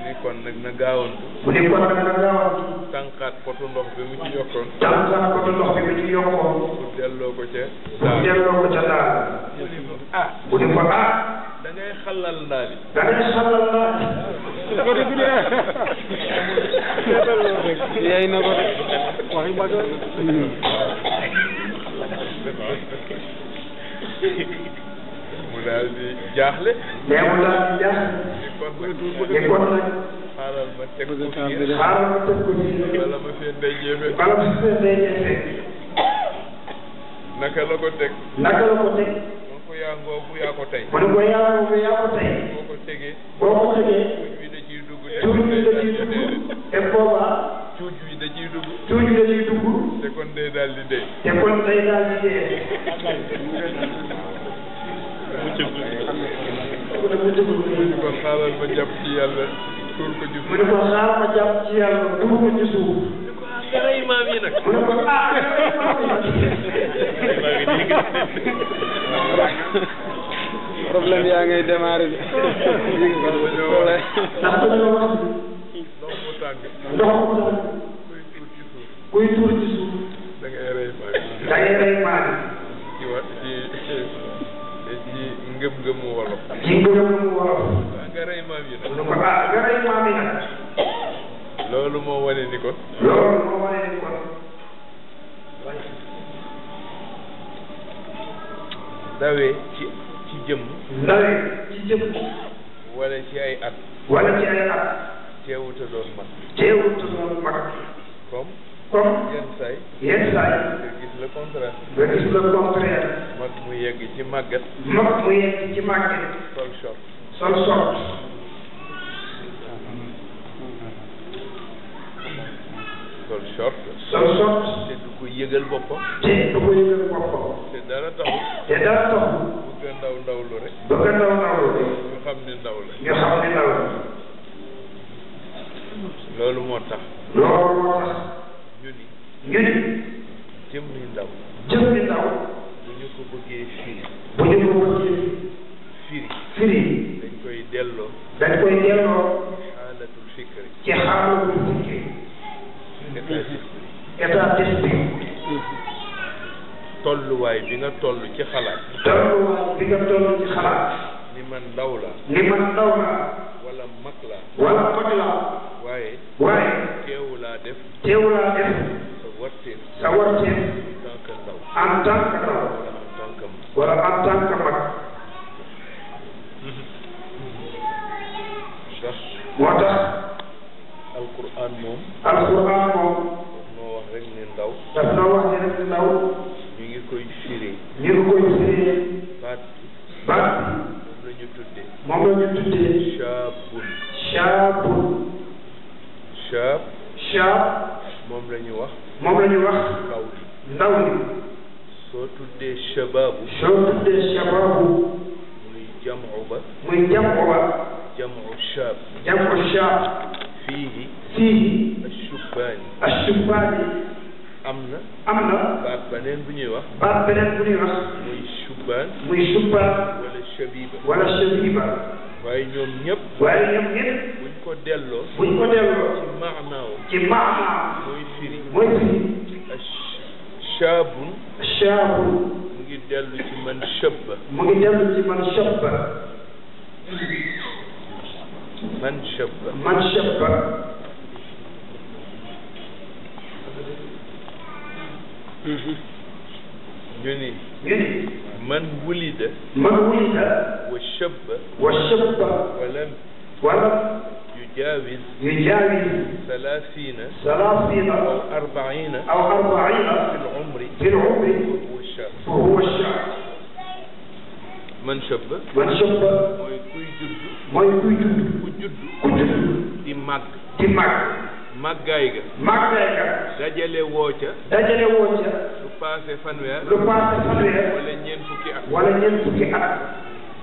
nekkoon nag na gaawantu. bu nekkoon nag na gaawantu. tànqaat potu ndox bi mu ci yokkoon. tànqaat potu ndox bi mu ci yokkoon. pour delloo ko ca. saa delloo ko ca daal. mu ne ko ah. mu ne ko ah. da ngay xalal daal. da ngay xalal daal. yaay na ko rek waxi mag la [LAUGHS] daal di jaaxle. neexul daal di jaaxle. di kon nag. xaaral ma teg ko ci xaaral ma teg ko ci bala ma seen day jéeme. bala ma seen day jéeme. naka la ko teg. naka la ko teg. man ko yaa ngoo bu yaa ko tey. man ko yaa ngoo bu yaa ko tey. boo ko tegee. boo ko tegee. tuut bi da ciy dugg. tuut bi da ciy dugg. te boobaa. tuut bi da ciy dugg. tuut bi da ciy dugg. te kon day daal di dee. te kon day daal di dee. kon xaaral ma jàpp ci yàlla tuur ko ci suuf. mu ne ngëm-ngëmu wolof. ci ngëm-ngëmu wolof. ah garay maam yi nag. ko ah garay maam yi nag. loolu moo wane ni ko. loolu moo wane ni ko. dawee ci ci jëm. dawee ci jëm. wala ci ay at. wala ci ay at. teewut a doon mag. teewut a doon mag. comme. comme yenn saay yenn saay nga gis le contraire nga gis le contraire mag mu yegg ci màgget mag mu yegg ci màgget sol short sol short sol short sol short te du ko yëgal boppam te du ko yëgal boppam te dara taxul te dara taxul bëgg a ndaw ndaw lu rek bëgg a ndaw ndaw lu rek ñu xam ne ndaw la ñu xam ne ndaw la loolu moo tax loolu moo tax ñu ni jëm ni ndaw jëm ni ndaw bu ñu ko bëggee firi bu ñu ko bëggee firi firi dañ koy delloo dañ koy delloo xaalatul fikri ci xaalatul fikri état d'esprit tolluwaay bi nga toll ci xalaat tolluwaay bi nga toll ci xalaat ni man ndaw la ni man ndaw la wala mag la wala mag la waaye waaye teewu laa def teewu laa def sa warteef en tant que ndaw wala en tant que mag moo tax alquran moom alquran moom noo wax rek ne ndaw daf noo wax ne rek ne ndaw ñu koy firee ñu ngi koy firee baat bi baat moom la ñu tuddee moom la ñu tuddee shaabun shaabun shaab shaab moom la ñu wax moom la ñu wax ndaw ni soo tuddee shababu soo tuddee shababu muy jamu ba muy jamu ba jamu shab jamu shab fiihi fiihi ashubbaani ashubbaani am na am na baat beneen bu ñuy wax baat beneen bu ñuy wax muy shubbaan muy shubbaan wala shabiba wala shabiba waaye ñoom ñëpp waaye ñoom ñëpp ko delloo. buñ ko delloo. ci maanaaw. ci maanaaw. mooy firi. mooy firi. shaabun. shaabun. mu ngi dellu ci man shabba. mu ngi dellu ci man shabba. man shabba. man shabba. ñu ni. ñu ni. man wulida. man wulida. wa shabba. wa shabba. wala. wala. يجاوز يجاوز ثلاثين ثلاثين أو أربعين أو أربعين في العمر في العمر فهو الشاب فهو الشاب man shabba man shabba mooy kuy judd mooy kuy judd ku judd ku dajale woo dajale woo ca lu wala ñeent fukki wala ñeent fukki at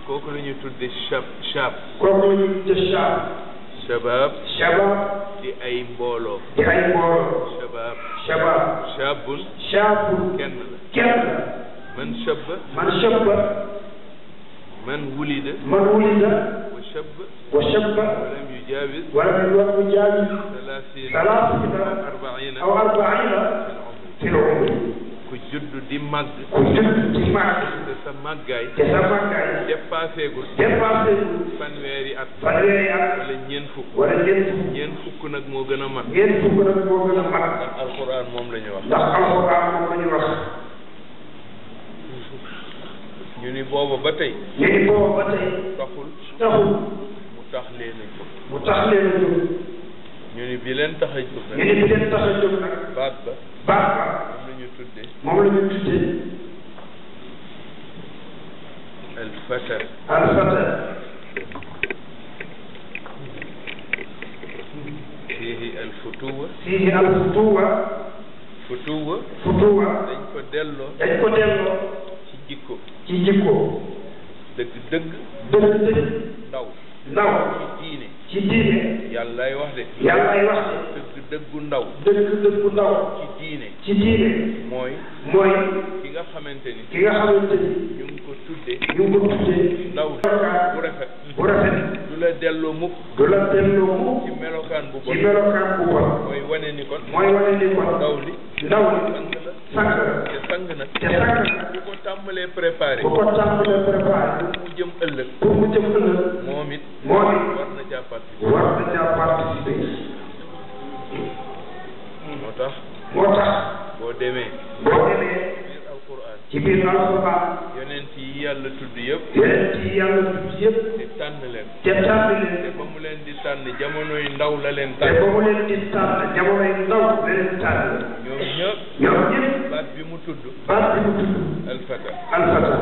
kooku la ñuy tudde chab chab kooku la ñuy شباب شباب دي اي mbooloo دي اي mbooloo شباب شباب شاب شاب kenn la من شب من شب من ولد من ولد وشب وشب ولم يجاوز ولم يجاوز ثلاثين ثلاثين أربعين أو أربعين في العمر في العمر juddu di màgg. judd di màgg. te sa màggaay. te sa màggaay. dépasseegul. dépasseegul. fanweeri at. fanweeri at. wala ñeent fukk. wala ñeent fukk. ñeent fukk nag moo gën a mag. ñeent fukk nag moo gën a mag. ndax alxuraan moom la ñu wax. ndax alxuraan moom la ñu wax. ñu ni booba ba tey. ñu ni booba ba tey. taxul. taxul. mu tax leen a jóg. mu tax leen a jóg. ñu ni bi leen tax a jóg. ñu ni bi leen tax a jóg nag. baat ba. baat ba. moom la ñu tuddee. al fatar. al fatar. fiihi al futuwa. fiihi al futuwa. futuwa. futuwa. dañ ko delloo. dañ ko delloo. ci jikko. ci jikko. dëgg dëgg. dëgg dëgg. ndaw. ndaw. ci diine. ci diine. yàllaay wax de. yàllaay wax de. dëggu ndaw dëgg dëggu ndaw ci diine ci diine mooy mooy ki nga xamante ni ki nga xamante ni ñu ko tuddee ñu ko tuddee ndaw bu du la delloo mukk du la delloo mukk ci melokaan bu bon mooy wane ni kon mooy wane ni kon ndaw li ndaw li sang la sang na te sang na bu ko tàmbalee préparé bu ko tàmbalee préparé pour mu jëm ëllëg pour jëm ëllëg moom it moom it war na caa war na caa participer moo tax boo demee boo demee ci biir alquran yonent yi yàlla tudd yëpp yonent yi yàlla tudd yëpp te tànn leen te tànn leen mu leen di tànn jamonoy ndaw la leen mu leen di tànn jamonoy ndaw la leen tànn ñoom ñëpp ñoom ñëpp baat bi mu tudd baat bi mu tudd alfata alfata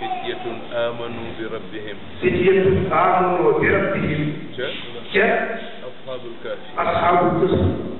fityatun amanu bi rabbihim fityatun amanu bi rabbihim ca ca ashabul kahfi ashabul kahfi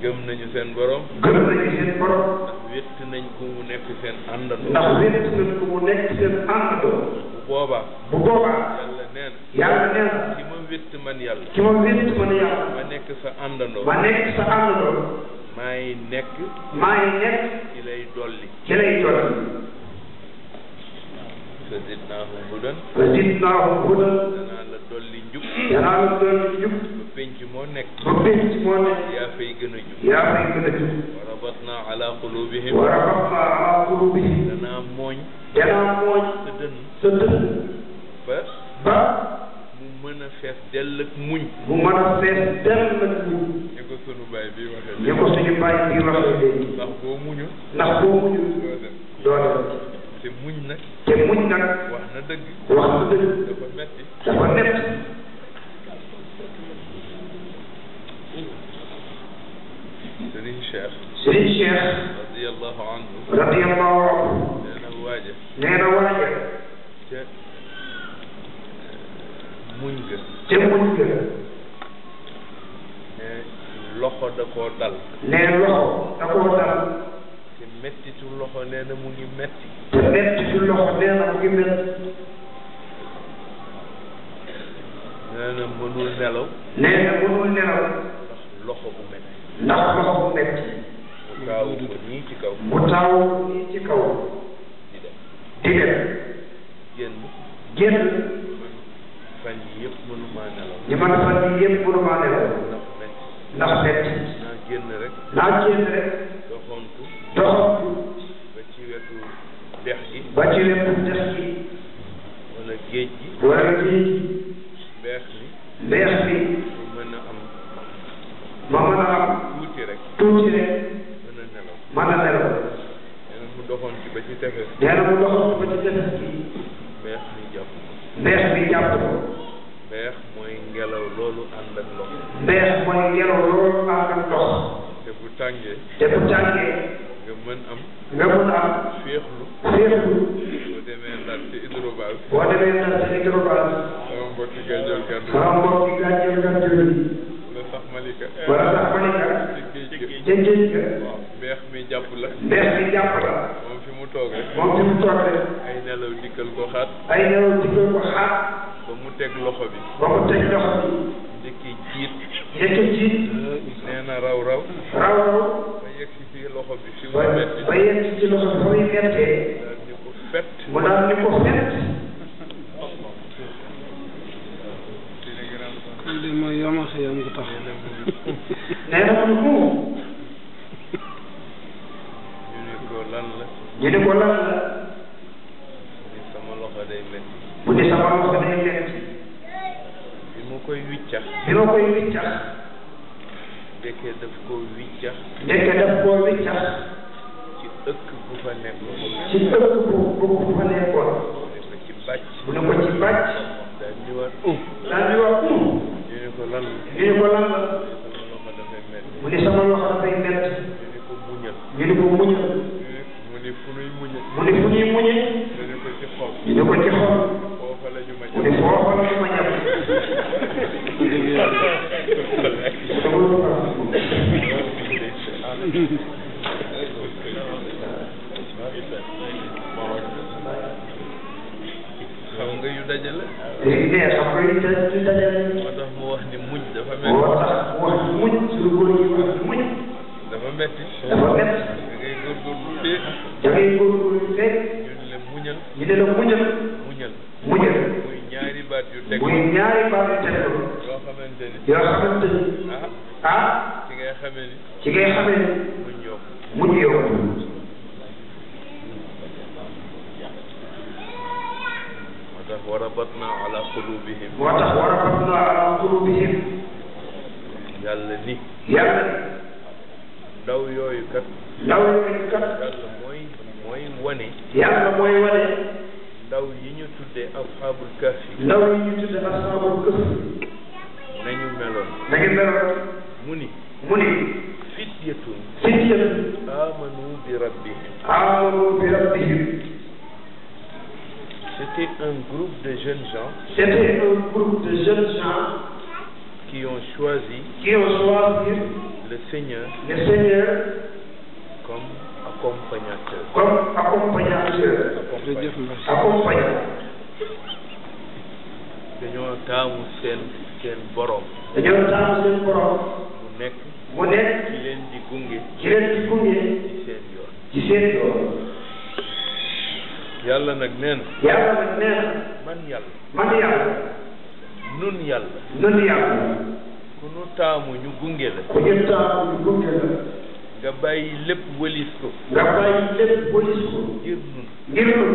gëm nañu seen borom. gëm nañu seen borom. ndax wétt nañ ko mu nekk seen àndandoo. ndax wétt nañ ko mu nekk seen àndandoo. bu boobaa. bu boobaa. yàlla nee yàlla nee na. ma wétt man yàlla. ki ma wétt man yàlla. ma nekk sa àndandoo. ma nekk sa àndandoo. maa ngi nekk. maa nekk. ki lay dolli. ki lay dolli. fa zidnaahum hudan. fa zidnaahum hudan. njub yàlla la doon ci njub ba penc moo nekk ba penc moo nekk yaa fay gën a jub yaa fay gën a jub wa rabatna ala qulubihim wa rabatna ala qulubihim danaa mooñ danaa mooñ sa dënn sa dënn ba ba mu mën a fees dell ak muñ mu mën a fees dell ak muñ ñu ko bi waxe ñu ko suñu baay bi waxe léegi ndax boo muñu ndax boo muñu doo dem te muñ muñ nag wax na dëgg wax na dëgg dafa metti dafa metti سيد الشيخ رضي الله عنه رضي الله عنه لأنه واجب لأنه واجب muñ ga te muñ ga ne loxo da koo dal ne loxo da koo dal te mettitu loxo nee na mu ngi metti te mettitu loxo nee na mu ngi metti nee na mënul nelaw nee na mënul nelaw ndax loxo bu metti ndax loxo bu metti mu dudd mu taw nii ci kaw di dem génn fan yi yëpp mënu nelaw li man fan yi yëpp mënu nelaw ndax metti naa génn rek naa génn rek doxantu doxantu ba ci wetu dex gi ba ci wetu dex gi wala géej gi wala géej gi mën a am ma mën a am tuuti rek tuuti rek mën na lay wax. nee na mu doxoon ci ba ci tefes. nee na mu doxoon ci ba ci tefes gi. mbeex mi jàpp ko. mbeex mi jàpp ko. mbeex mooy ngelaw loolu ànd ak ndox. mbeex mooy ngelaw loolu ànd ak ndox. te bu tàngee. te bu tàngee. nga mën am. nga mën am. féexlu. féexlu. boo demee ndar ci hydrobase. boo demee ndar ci hydrobase. sama mbokki gànjol gànjol. sama mbokki gànjol gànjol. wala sax Malika. wala sax Malika. ca géej ca géej jàpp la. dex bi jàpp la. moom fi mu toog rek. moom fi mu toog rek. ay nelaw dikkal ko xaat. ay nelaw dikkal ko xaat. ba mu teg loxo bi. ba mu teg loxo bi. njëkki jiit. njëkki jiit. nee na raw raw. raw raw. ba yegg si ci loxo bi. fi mu metti ba yegg si ci loxo bi ba muy mettee. daal di ko fett. mu daal di ko fett. nee na mu ne ñu ne ko lan la. mu ne sama loxo day métti. mu ne sama loxo day métti. bi ma koy wiccax. bi ma koy wiccax. ndeke daf koo wiccax. ndeke daf koo wiccax. ci ëkk bu fa nekkoon. ci ëkk bu bu fa nekkoon. mu ne ko ci bàcc. mu ne ko ci bàcc. daal di war um. daal di war um. ñu ne ko lan la. ñu ne ko lan la. mu ne sama loxo dafay métti. mu ne sama loxo dafay métti. ñu ne ko muñal. ñu ne ko muñal. de fu ñuy muñee. ñu ne ko ci xol. mu ne foofa la ñu ma ñam. xam nga yu dajale. léegi de xam nga yu dajale. moo tax mu wax ni muñ dafa metti. moo tax mu wax muñ suñu góor yi muñ. dafa metti. dafa metti. da ngay góorgóorlu te ñu la muñal ñu ne la muñal muñal muñal muy ñaari baat yu teg muy ñaari baat yu teg yoo xamante ni yoo xamante ah. ah ci ngay xamee ni ci ngay xamee ni muñ yokk muñ ala qulubihim moo tax wa rabatna ala qulubihim yàlla yooyu kat ndaw yooyu kat c'était un groupe de jeunes gens de jeunes gens qui ont choisi le Seigneur le Seigneur comme accompagnateur comme accompagnateur accompagnant dañoo taamu seen seen borom dañoo taamu seen borom mu nekk mu nekk ci leen di gunge ci leen di gunge ci seen yoon ci seen yoon yàlla nag neen yàlla nag neen man yàlla man yàlla nun yàlla nun yàlla ku nu taamu ñu gunge la ku ñu taamu ñu la nga bàyyi lépp wëlis ko. nga bàyyi lépp wëlis ko. ngir nun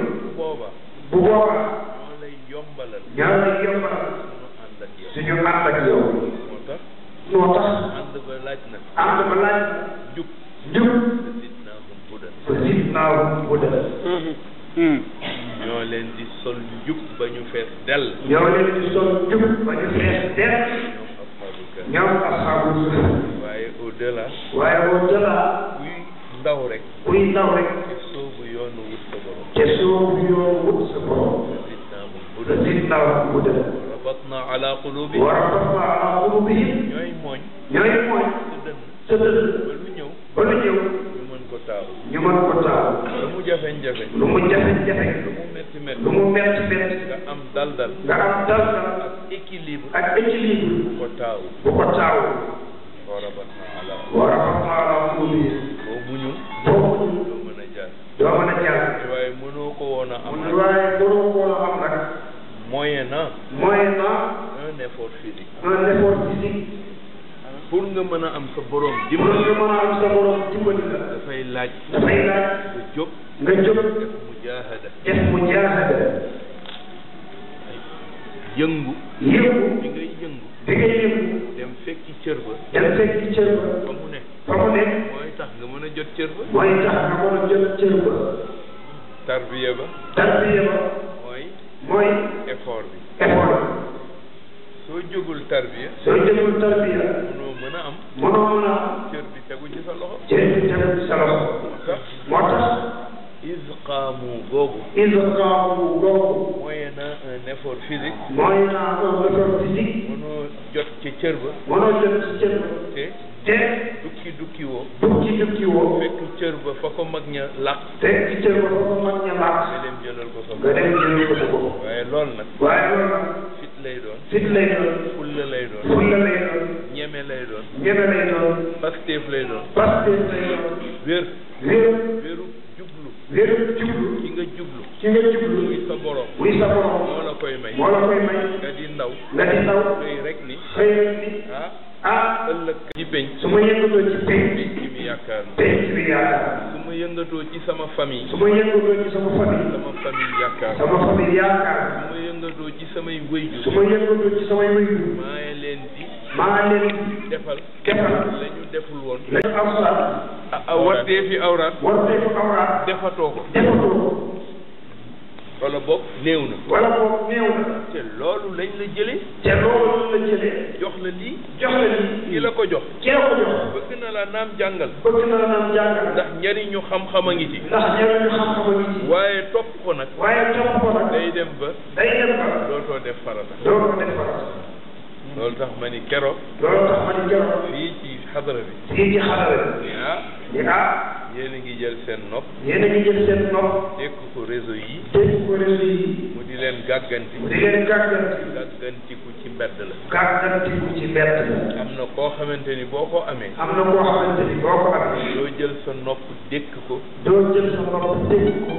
seen nopp. dégg ko réseau yi. dégg ko réseau yi. mu di leen gàgganti. mu di leen gàgganti. gàggantiku ci mbedd la. gàggantiku ci mbedd la. am na koo xamante ni boo ko amee. am na koo xamante ni boo ko amee. doo jël sa nopp dékk ko. doo jël sa nopp dékk ko.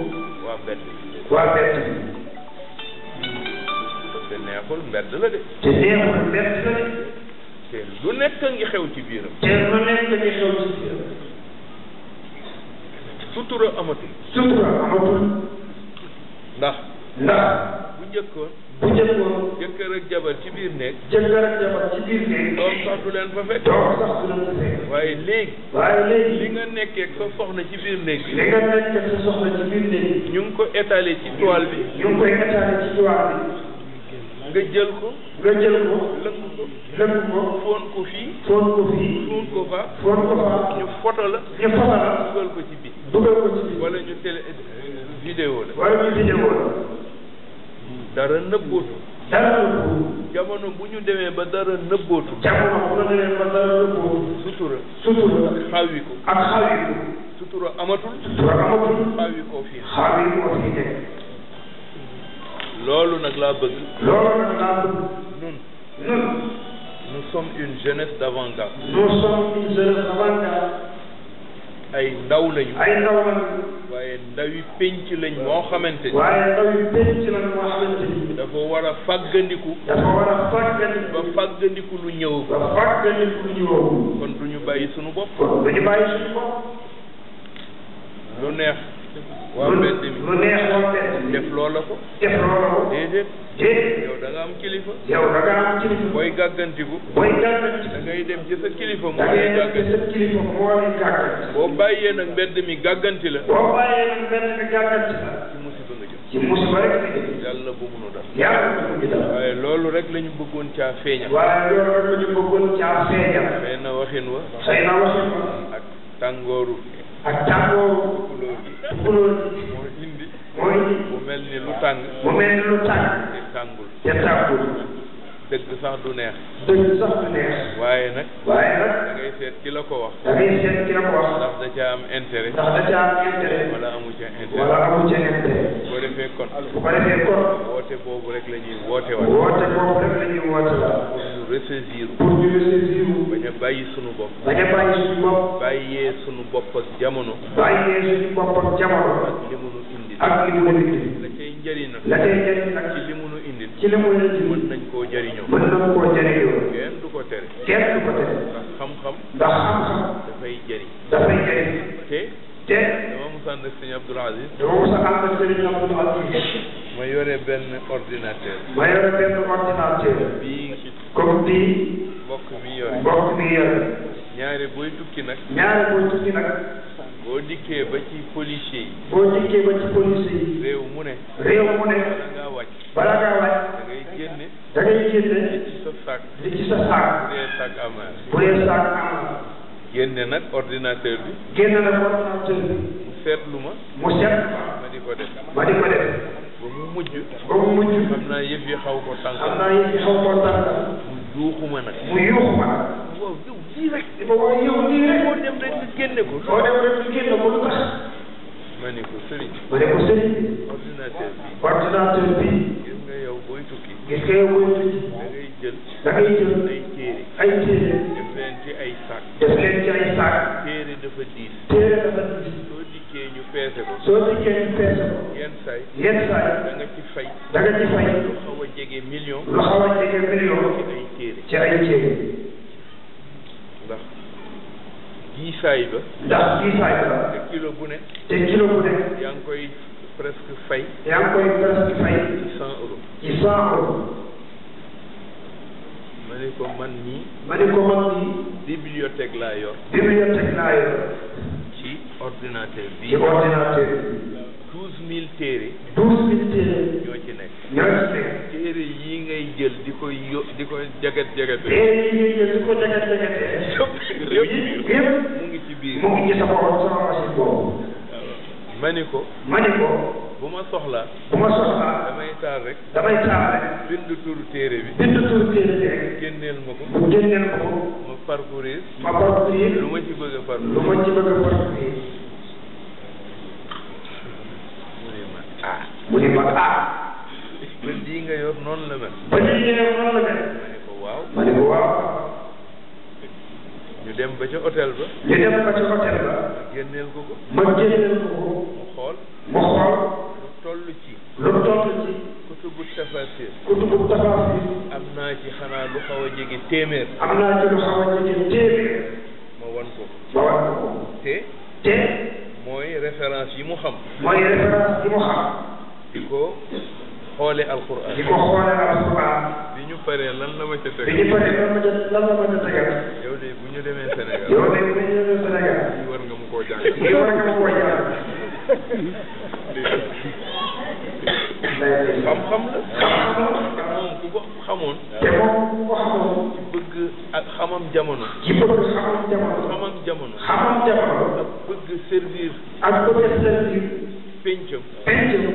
waa mbedd la de. te neexul mbedd la de. te lu nekk ngi xew ci biiram. te lu nekk ngi xew ci biiram. sutura amatul. sutura amatul. ndax. ndax. bu njëkkoon. bu jabar ci biir néeg. jëkkër ak jabar ci biir néeg. doom waaye li nga nekkee sa soxna ci biir néeg bi. li nga nekkee soxna ci biir néeg bi. ko étaler bi. ñu ngi koy nga jël ko. nga jël ko. lëkk ko. lëkk ko. foon ko fii. foon ko fii. foon ko fa. foon ko fa. ñu foto la. ñu foto la. dugal ko ci biir. dugal ko ci biir. wala ñu télé vidéo la. wala ñu vidéo la. dara nëbbootu. dara nëbbootu. jamono bu ñu demee ba dara nëbbootu. jamono bu ñu demee ba dara nëbbootu. sutura. sutura ak ko. ak xaawi ko. sutura amatul. sutura amatul. xaawi koo fii. xaawi koo fii de. loolu nag laa bëgg. loolu nag laa bëgg. ñun. ñun. nous sommes une jeunesse d'avant-garde. nous sommes une jeunesse d'avant-garde. ay ndaw lañu. ay ndaw lañu. waaye ndaw yi penc lañ moo xamante ni. waaye ndaw yi penc dafa war a fàggandiku. dafa war a fàggandiku. ba fàggandiku lu ñëw. ba fàggandiku lu ñëw. kon du ñu bàyyi sunu bopp. bopp. lu neex. waaw mbedd mi lu neex loo mbedd mi def loola ko def loola ko déedéet déedéet yow da nga am kilifa yow da nga am kilifa booy gàggantiku booy gàggantiku da ngay dem ci sa kilifa moo lay gàgganti sa kilifa moo lay gàgganti boo bàyyee nag mbedd mi gàgganti la boo bàyyee nag mbedd mi gàgganti la ci musiba nga jëm ci musiba rek nga jëm yàlla bu munu dal yàlla bu munu dal waaye loolu rek la ñu bëggoon caa feeñal waaye loolu rek la ñu bëggoon caa feeñal xëy na waxin wa xëy na waxin wa ak tàngooru ak tàngooru. xulóor bi moo indi. moo indi. mu mel ni lu tàng. mu mel ni lu tàng. te tàngul. te tàngul. dëgg sax du neex. dëgg sax du neex. waaye nag. waaye nag. da ngay seet ki la ko wax. da ngay seet ki la ko wax. ndax da caa am intérêt. ndax da caa am intérêt. wala amu ca intérêt. wala amu ca intérêt. bu ko defee kon. bu ko defee kon. woote boobu rek la ñuy woote waat. woote boobu rek la ñuy woote waat. pour ñu ressaisir. pour ñu ressaisir. bàyyi sunu bopp. bañ a bàyyi sunu bopp. bàyyee sunu bopp ak jamono. bàyyee sunu bopp ak jamono. ak li mu nu indi. ak li mu nu indi. la cay njëriñ koo jëriñoo. mën kenn du ko tere. kenn du ko tere. ndax xam-xam. ndax xam-xam. dafay jëriñ. dafay jëriñ. te. te. dama mos a ànd ak sëñ Aziz. dama mos a ànd ak sëñ Abdoul Aziz. ma yore benn ordinateur. ma yore benn ordinateur. bii. comme bii. yore. mbokk mi ñaare booy tukki nag. ñaare booy tukki nag. boo dikkee ba ci policier yi. boo dikkee ba ci policier yi. réew mu ne. réew mu ne. bala ngaa wàcc. bala ngaa wàcc. génne. da génne. li génne nag ordinateur bi. génne nag seetlu ma. mu seet. ma di ko def. ma di ko def. ba mu mujj. ba mu mujj. xam naa yëf xaw ko tànk. xam naa yëf xaw ko tànk. yuuxu ma nag. mu yuuxu ma nag. waaw yow lii rek. dafa war a yow lii rek. boo dem rek ñu génne ko. boo dem rek ñu génne ko lu tax. ma ne ko sëriñ. ma ne ko sëriñ. ordinateur bi. ordinateur bi. gis nga yow booy tukki. gis nga yow booy tukki. da ngay jël. da ngay jël ay téere. ay téere. def leen ci ay sac. def leen ci ay sac. téere dafa diis. téere dafa diis. soo dikkee ñu peese ko. soo dikkee ñu peese ko. yenn saay. yenn saay. da nga ci fay. da nga ci fay. lu xaw a jege million. lu xaw a jege million. kiisaay ba. ndax kiisaay ba. te kilo bu ne. te kilo bu ne. yaa ngi koy presque fay. yaa ngi koy presque fay. ci cent euros. ci cent euros. ma ne ko man nii. ma ne ko man nii. bibliothèque laa yor. bibliothèque laa yor. ci ordinateur bi. ci ordinateur bi. douze mille téere. douze mille téere. ñoo ci nekk. ñoo ci nekk. téere yi ngay jël di ko yo di ko jagat jagat. téere yi ngay jël di ko jagat jagat. [LAUGHS] yëpp yëpp. biir mu ngi ci sa borom sama machine boobu. ma ni ko. ma ni ko. bu ma soxlaa. bu ma soxlaa. damay taal rek. damay taal rek. bind turu téere bi. bind turu téere bi rek. génneel ma ko. mu génneel ma ko. ma parcourir. ma parcourir. lu ma ci bëgg a parcourir. lu ma ci bëgg a parcourir. mu ne ma ah. mu ne ma ah. ba lii nga yor noonu la mel. ba lii nga yor noonu la mel. ma ne ko waaw. ma ne ko waaw. ñu dem ba ca hôtel ba. ñu dem ba ca hôtel ba. génneel ko ko. ma génneel ko ko. mu xool. mu xool. lu toll ci. lu toll ci. kutubu tafasir. kutubu tafasir. am naa ci xanaa lu xaw a jege téeméer. am naa ci lu xaw a jege téeméer. ma wan ko. ma wan ko. te. te. mooy référence yi mu xam. mooy référence yi mu xam. di ko. xoolee alquran. di ko xoolee alquran. bi ñu paree lan la ma ca teg. bi ñu paree lan ma ca lan la ma ca tegal. yow de bu ñu demee Sénégal. yow de bu ñu demee Sénégal. lii war nga mu koo jàng. lii war nga mu koo jàng. [LAUGHS] xam-xam la. xam-xam la. moom ku ko xamoon. te moom ku ko xamoon. bëgg ak xamam jamono. ci bëgg xamam jamono. xamam jamono. xamam jamono. ak bëgg servir. ak bëgg servir. pencam. pencam.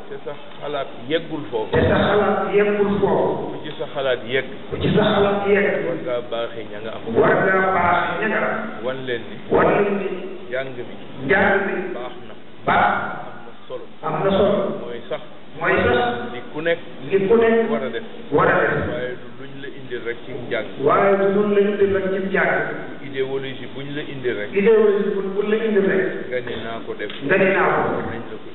te sa xalaat yeggul foofu. te sa xalaat yeggul foofu. ku ci sa xalaat yegg. ku ci sa xalaat yegg. war ngaa baaxee ña nga am. war ngaa baaxee ña nga am. wan leen ni. wan leen ni. njàng mi. njàng mi. baax na. baax am na solo. am na solo. mooy sax. mooy sax. li ku nekk. li ku nekk. war a def. war a def. waaye du luñ la indil rek ci njàng. waaye du luñ la indil rek ci njàng. idéologie buñ la indil rek. idéologie buñ la indil rek. nga ne naa ko def. nga ne naa ko def.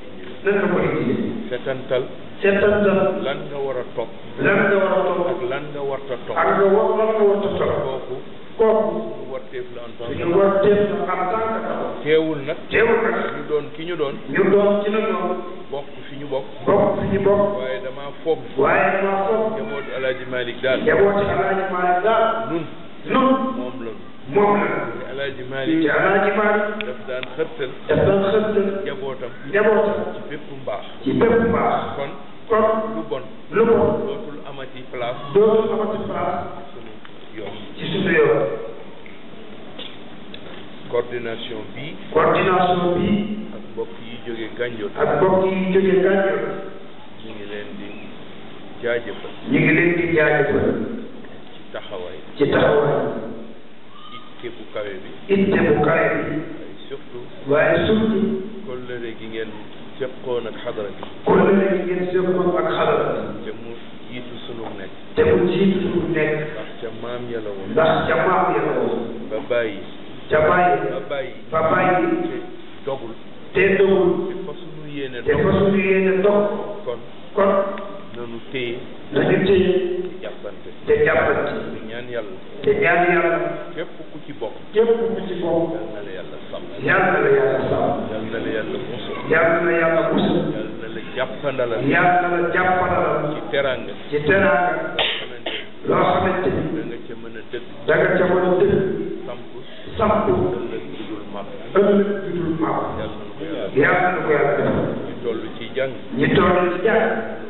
naka ko étudier. setantal. setantal. lan nga war a topp. lan nga war a topp. ak lan nga warta topp. ak nga war lan nga warta topp. kooku. kooku. suñu warteef la en tant que. suñu warteef la en tant que taw. teewul nag. teewul nag. ñu doon ki ñu doon. ñu doon ki ñu doon. bokk fi ñu bokk. bokk fi ñu bokk. waaye damaa foog. waaye damaa foog. jamono Alaaji Malik daal. jamono Alaaji Malik daal. nun. nun moom moom la. alaaji Maalik ci alaaji Maalik. daf daan xërtal. daf daan xërtal. jabootam. jabootam. ci bépp mbaax. ci bépp mbaax. kon. kon lu bon. lu bon dootul amati place. dootul amati place. sunu yoon. ci sunu yoon. coordination bi. coordination bi. ak mbokk yi jóge Gànjool. ak mbokk yi jóge Gànjool. ñu ngi leen di jaajëfal. ñu ngi leen di jaajëfal. ci taxawaay. ci taxawaay. kawe bi. itte bu kawe bi. surtout. waaye surtout. kóllëre gi ngeen seqoon ak xadara bi. kóllëre gi ngeen seqoon ak xadara bi. te mu jiitu sunu nekk. te mu jiitu sunu nekk. ndax ca maam ya la woon. ndax ca maam ya la woon. te dogul. te dogul. te fa sunu te fa sunu yéene kon. kon. nanu téye. nañu téye. te jàppante. te jàppante. te ñaan yàlla. te ñaan yàlla. képp ku ci bokk. képp ku ci bokk. yal na la yàlla sàmm. yal na la yàlla sàmm. yal na la yàlla musal. yal na la yàlla musal. yal na la jàppandalal. yal na la jàppandalal. ci teraanga. ci teraanga. loo xamante ni. da nga ca mën a dëgg. da nga ca mën a dëgg. samp. samp. ëllëg judul màpp. ëllëg judul màpp. yal na ko yàlla. yal na ko yàlla. ñu toll ci jàng. ñu toll ci jàng.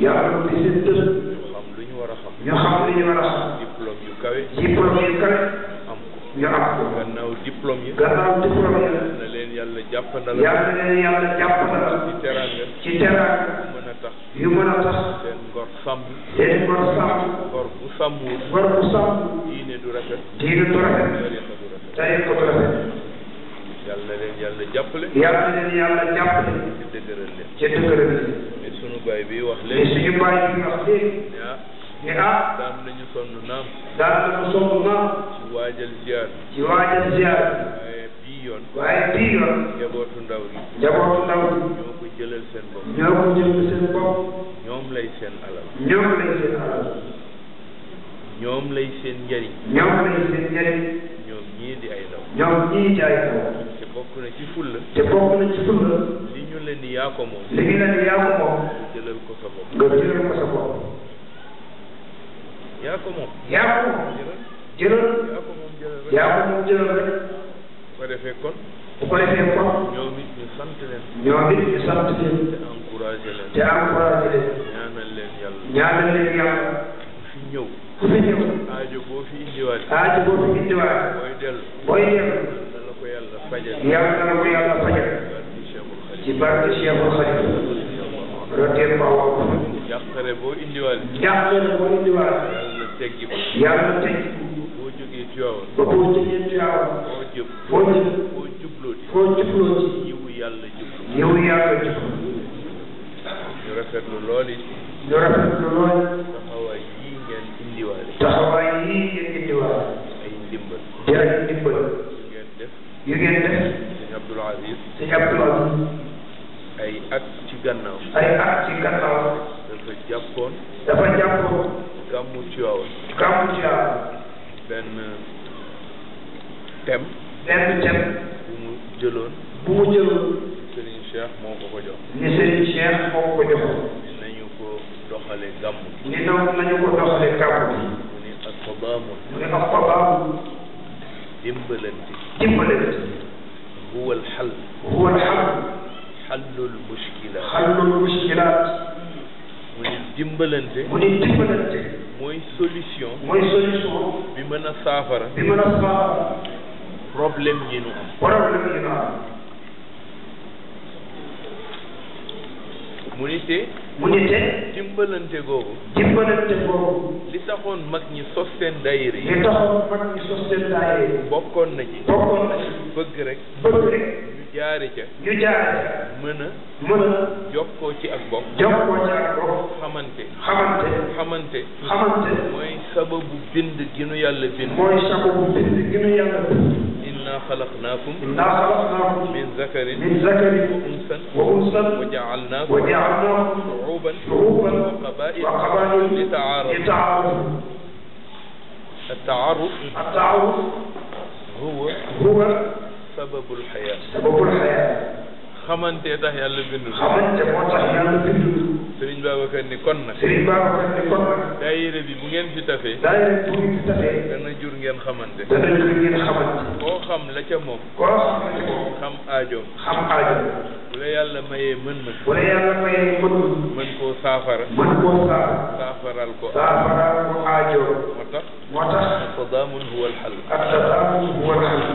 yàlla bi seen dëkk. xam lu ñu war a xam. ñu xam lu ñu war a xam. diplôme yu kawe. diplôme yu kawe. ñu am ko. gannaaw diplôme yi. gannaaw diplôme yi la. na leen yàlla jàppandal. yàlla na leen yàlla jàppandal. ci teraanga. ci teraanga. mën a tax. yu mën a tax. seen ngor sàmm. seen ngor sàmm. ngor bu sàmmul. ngor bu sàmm. diine du rafet. diine du rafet. tariqa du rafet. yàlla na leen yàlla jàppale. yàlla na leen yàlla jàppale. ci dëgëral leen. ci dëgëral leen. suñu baay bi wax léegi suñu baay bi wax léegi ne ah daan nañu sonn naam daan nañu sonn naam ci waajal ziar ci waajal ziar waaye bii yoon waaye bii yoon jabootu ndaw yi jabootu ndaw yi ñoo ko jëlal seen bopp ñoo ko jëlal seen bopp ñoom lay seen alal ñoom lay seen alal ñoom lay seen njëriñ ñoom lay seen njëriñ ñoom ñii di ay ndaw ñoom ñii di ay ndaw te bokk na ci fulla te bokk na ci fulla yaa ko moom léegi nag yaa ko moom nga jëlal ko sa bopp nga jëlal ko sa bopp yaa ko moom yaa ko moom jëlal yaa ko moom jëlal rek yaa ko moom jëlal rek bu ko defee kon bu ko defee kon ñoom it ñu sant leen ñoom it ñu sant leen te encouragé leen te encouragé leen ñaanal leen yàlla ñaanal leen yàlla ku fi ñëw ku fi ñëw aajo boo fi indiwaat aajo boo fi indiwaat booy dellu booy dellu yàlla na la ko yàlla fajal yàlla na la ko yàlla fajal ci barke Cheikhul Khadim rotee Pawa. jàqare boo indiwaale. jàqare boo indiwaale. yàlla teggi ko. yàlla teggi ko. boo jógee Tiwaawan. boo jógee Tiwaawan. foo jëm. foo jëm. foo jubloo ci. foo jubloo ci. yiwu yàlla jublu. yiwu yàlla jublu. ñu rafetlu lool it. ñu rafetlu lool. taxawaay yii ngeen indiwaale. taxawaay yii ngeen indiwaale. ay ndimbal. di ay ndimbal. yu ngeen def. yu ngeen def. sëñ Abdoul Aziz. sëñ Abdoul Aziz. ay ak ci gannaaw ay ak ci gannaaw dafa jàppoon dafa jàppoon gàmmu ci waaw gàmmu ci waaw benn uh, tem benn tem bu mu jëloon bu mu jëloon Serigne Cheikh moo ko ko jox ni Serigne Cheikh moo ko jox ni nañu ko doxale gàmmu ni nañu ko doxale gàmmu bi mu ni ak fa baamu mu ni ak fa baamu dimbalante dimbalante huwa alxal huwa alxal xallul mushkilaat xallul mu ni dimbalante mu ni dimbalante mooy solution mooy solution bi mën a saafara bi mën a saafara problème yi nu mu ni mu ni te dimbalante googu dimbalante li taxoon mag ñi sos seen daayira bokkoon na ci bokkoon na ci bëgg rek bëgg rek jaare ca ñu jaare ca mën a mën a jokkoo ci ak bopp jokkoo ci ak bopp xamante xamante xamante xamante mooy sababu bind gi nu yàlla bind mooy sababu bind gi nu yàlla bind إنا خلقناكم إنا خلقناكم من ذكر من ذكر وأنثى وأنثى وجعلناكم وجعلناكم شعوبا شعوبا وقبائل وقبائل لتعارفوا لتعارفوا التعارف التعارف هو هو سبب الحياة سبب الحياة خمنتي تاه يالا بيندو خمنتي موتاخ سرين بابا كان ني سرين بابا كان ني كون نك دايره بي بو نين في تافي دايره بو نين في تافي دا جور نين خمنتي دا نين نين خمنتي كو خم لا تا موم كو خم لا تا موم خم اجو خم اجو ولا يالا ماي من من ولا يالا ماي من من كو سافر من كو سافر سافرال كو سافرال كو اجو موتاخ موتاخ التضامن هو الحل التضامن هو الحل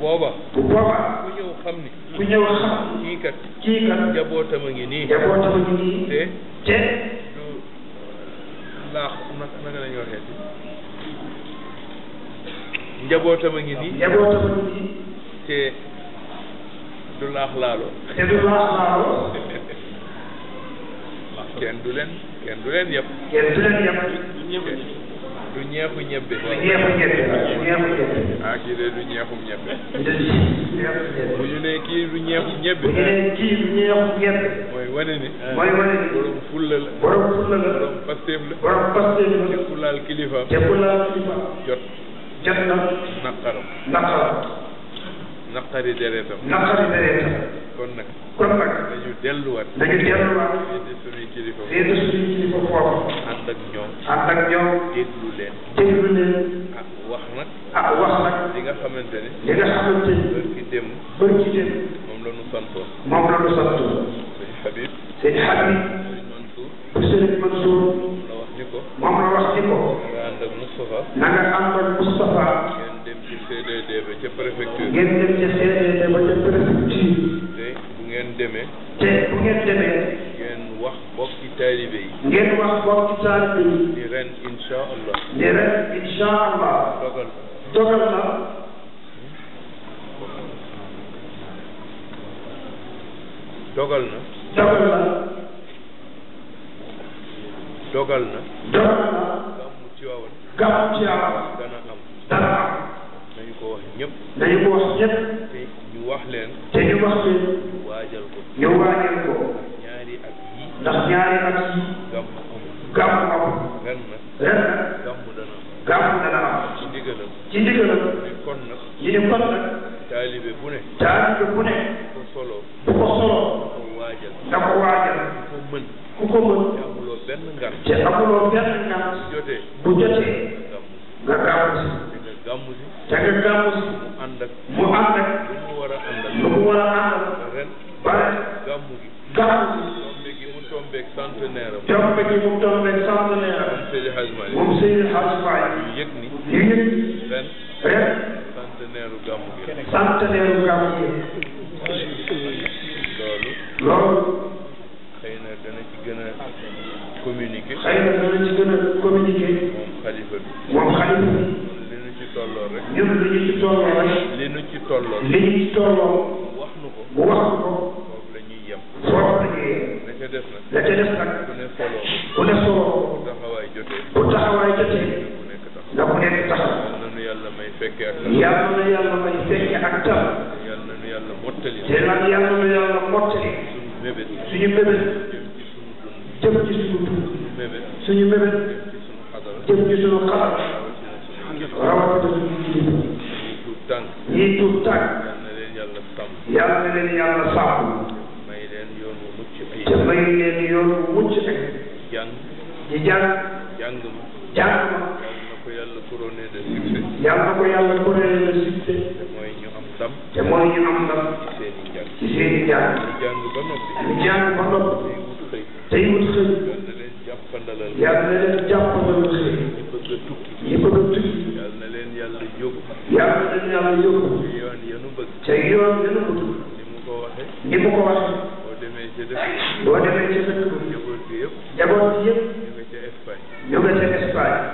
booba ku ñëw xam ni ku ñëw xam kii kat kii kat njabootam a ngi nii njabootam a te du laax nag naka a ngi nii te du laax laaloo te du laax laaloo [LAUGHS] kenn du leen kenn du leen yëpp du leen du ñeexu ñebbe. du ñeexu ñebbe du ñeexu ñebbe. ah kii de du ñeexu ñebbe. bu ñu nee kii du ñeexu ñebbe. bu ñu nee kii du ñeexu ñebbe. mooy wane ni. mooy wane ni borom fulla la. borom fulla la borom pasteef la. borom pasteef la te ku laal kilifa. te ku laal kilifa. jot. jot na. naqaram. naqaram. naqari deretam. naqari deretam. kon nag. kon nag. dañu delluwaat. dañu delluwaat. lii di suñuy kilifa. lii di suñuy kilifa foofu. ànd ak ñoom. ànd ak ñoom. déglu leen. déglu leen. ah wax nag. ah wax nag. li nga xamante ne. li nga xamante ne. barki dem. barki dem. moom la ñu santoon. moom la ñu santoon. sëñ Habib. sëñ Habib. sëñ Mansour. moom la wax ni ko. moom la wax ni ko. na nga ànd ak Moustapha. na nga ànd ak Moustapha. ngeen dem ci CDD ba ca préfecture. ngeen dem ci CDD. te bu ngeen demee. ngeen wax bokki taalibe yi. ngeen wax bokki taalibe yi. ni ren incha allah. ni ren incha allah. dogal dogal na. dogal na. dogal na. dogal na. dogal na. gàmmu Tiwaawan. gàmmu Tiwaawan. dana am. dana am. nañu ko wax ñëpp. nañu ko wax ñëpp. te ñu wax leen. te ñu wax leen. ñëw waajal ko ñaari at yi ndax ñaari at yi gàmm gàmm am ren nag ren nag gàmm dana am gàmm dana am ci ndigalam ci ndigalam ne kon nag ñu ne kon nag taalibe bu ne taalibe bu ne bu ko soloo bu ko soloo ko waajal na ko waajal ku ko mën ku ko mën te amuloo benn ngar te amuloo benn ngar bu jotee bu jotee nga gàmm si nga gàmm si te nga gàmm si mu ànd ak mu ànd ak lu mu war a ànd ak lu mu war a ànd ak ren gàmm. tombe gi mu tombeeg centenaire am. tombe gi mu tombeeg centenaire am. moom Seydi Hadj Malick. moom Seydi Hadj Malick. ñu yëg ni. ñu yëg ren. ren. centenaire u gàmm gi. centenaire u gàmm gi. loolu. loolu. xëy na dana ci gën a communiquer. xëy na dana ci gën a communiquer. moom xalifa bi. moom xalifa bi. tolloo rek ñun li ñu ci tolloo rek. li ñu ci tolloo. li ñu ci tolloo. wax nu ko wax nu ko. la ca def nag ku ne solo bu taxawaay jotee na ku nekk taxaw yàlla may fekke ak tam yàlla na yàlla may fekke ak tam yàlla na yàlla mottali te nag yàlla na yàlla mottali suñu mébét suñu mébét jëm ci suñu dund suñu mébét jëm ci suñu xaral rawatina suñu ñii tuub tànk yàlla na leen yàlla sàmm te may leen yoon mucc nag jàng di jàng jàng ma jàng ma yàlla na ko yàlla couronné de succès yàlla na ko yàlla couronné de succès te mooy ñu am ndam te mooy ñu am ndam ci seen i njàng ci seen i njàng ñu jàng ba noppi ñu jàng ba noppi tey wut xëy tey wut xëy yàlla na leen jàppandalal yàlla na leen jàppandalal xëy ñi bëgg a tukki ñi bëgg a tukki yàlla na leen yàlla yóbbu yàlla na leen yàlla yóbbu ci yoon yenu bëgg ca yoon yenu bëgg ni mu ko waxee ni mu ko waxee boo demee ci dëkk bi njaboot bi yëpp njaboot bi yëpp ñu nga ca Espagne ñu nga ca Espagne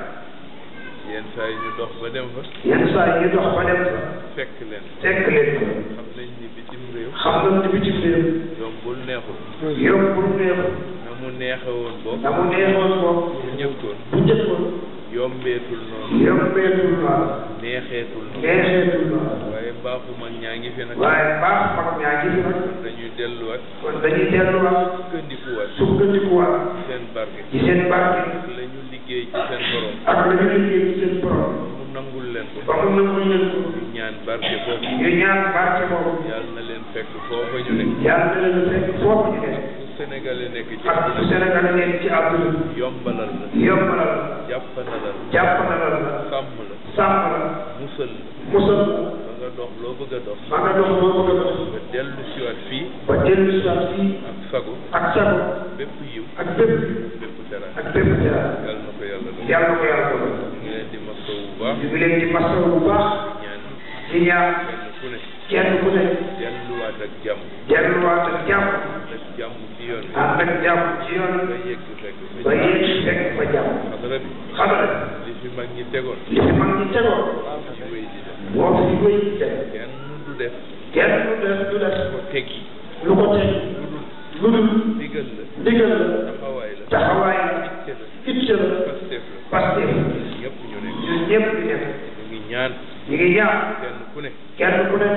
yenn saa yi ñu dox ba dem fa yenn saa yi ñu dox ba dem fa fekk leen fekk leen ko xam nañ ni bitim réew xam nañ ni bitim réew yombul neexul yombul neexul na mu neexewoon boobu na mu neexewoon boobu bu njëkkoon bu njëkkoon yombeetul noonu. yombeetul noonu. neexeetul noonu. neexeetul noonu. waaye baaxu mag ñaa ngi fi nag. waaye baaxu mag ñaa ngi fi nag. kon dañuy delluwaat. kon dañuy delluwaat. sukkandikuwaat. sukkandikuwaat. seen barke. ci seen barke. ak liggéey ci seen borom. ak la liggéey ci seen borom. mu nangul leen ko. ba mu leen ko. ñu ñaan barke ñaan barke boobu. ñu ne. Sénégalais nekk ci àdduna bi Sénégalais nekk ci àdduna bi. yombalal la. yombalal la. jàppandalal la. jàppandalal la. sàmm la. sàmm la. musal la. musal la. ba nga dox loo bëgg a dox. ba nga dox loo bëgg a dox. ba dellu siwaat fii. ba dellu siwaat fii. ak sago. ak sago. bépp yiw. ak bépp. bépp dara. ak bépp dara. yàlla na ko yàlla doon. yàlla na ko yàlla doon. ñu ngi leen di masawu bu baax. ñu ngi leen di masawu bu baax. di ñaan. di ñaan. kenn ku ne. kenn ku ne. delluwaat ak jàmm. delluwaat ak jàmm. ci yoon bi am ak jàpp ci yoon ba yëg su fekk ba yëg su fekk ba jàpp xadara bi xadara li fi mag ñi tegoon li fi mag ñi tegoon ci wéy di def moom ci wéy di def kenn du def kenn du def du def ko teggi lu ko teg lu dul ndigal la ndigal la taxawaay la taxawaay la itte la pastef la pastef ñun ñëpp ñu nekk ñun ñëpp ñu nekk ñu ngi ñaan ñu ngi ñaan kenn ku ne kenn ku ne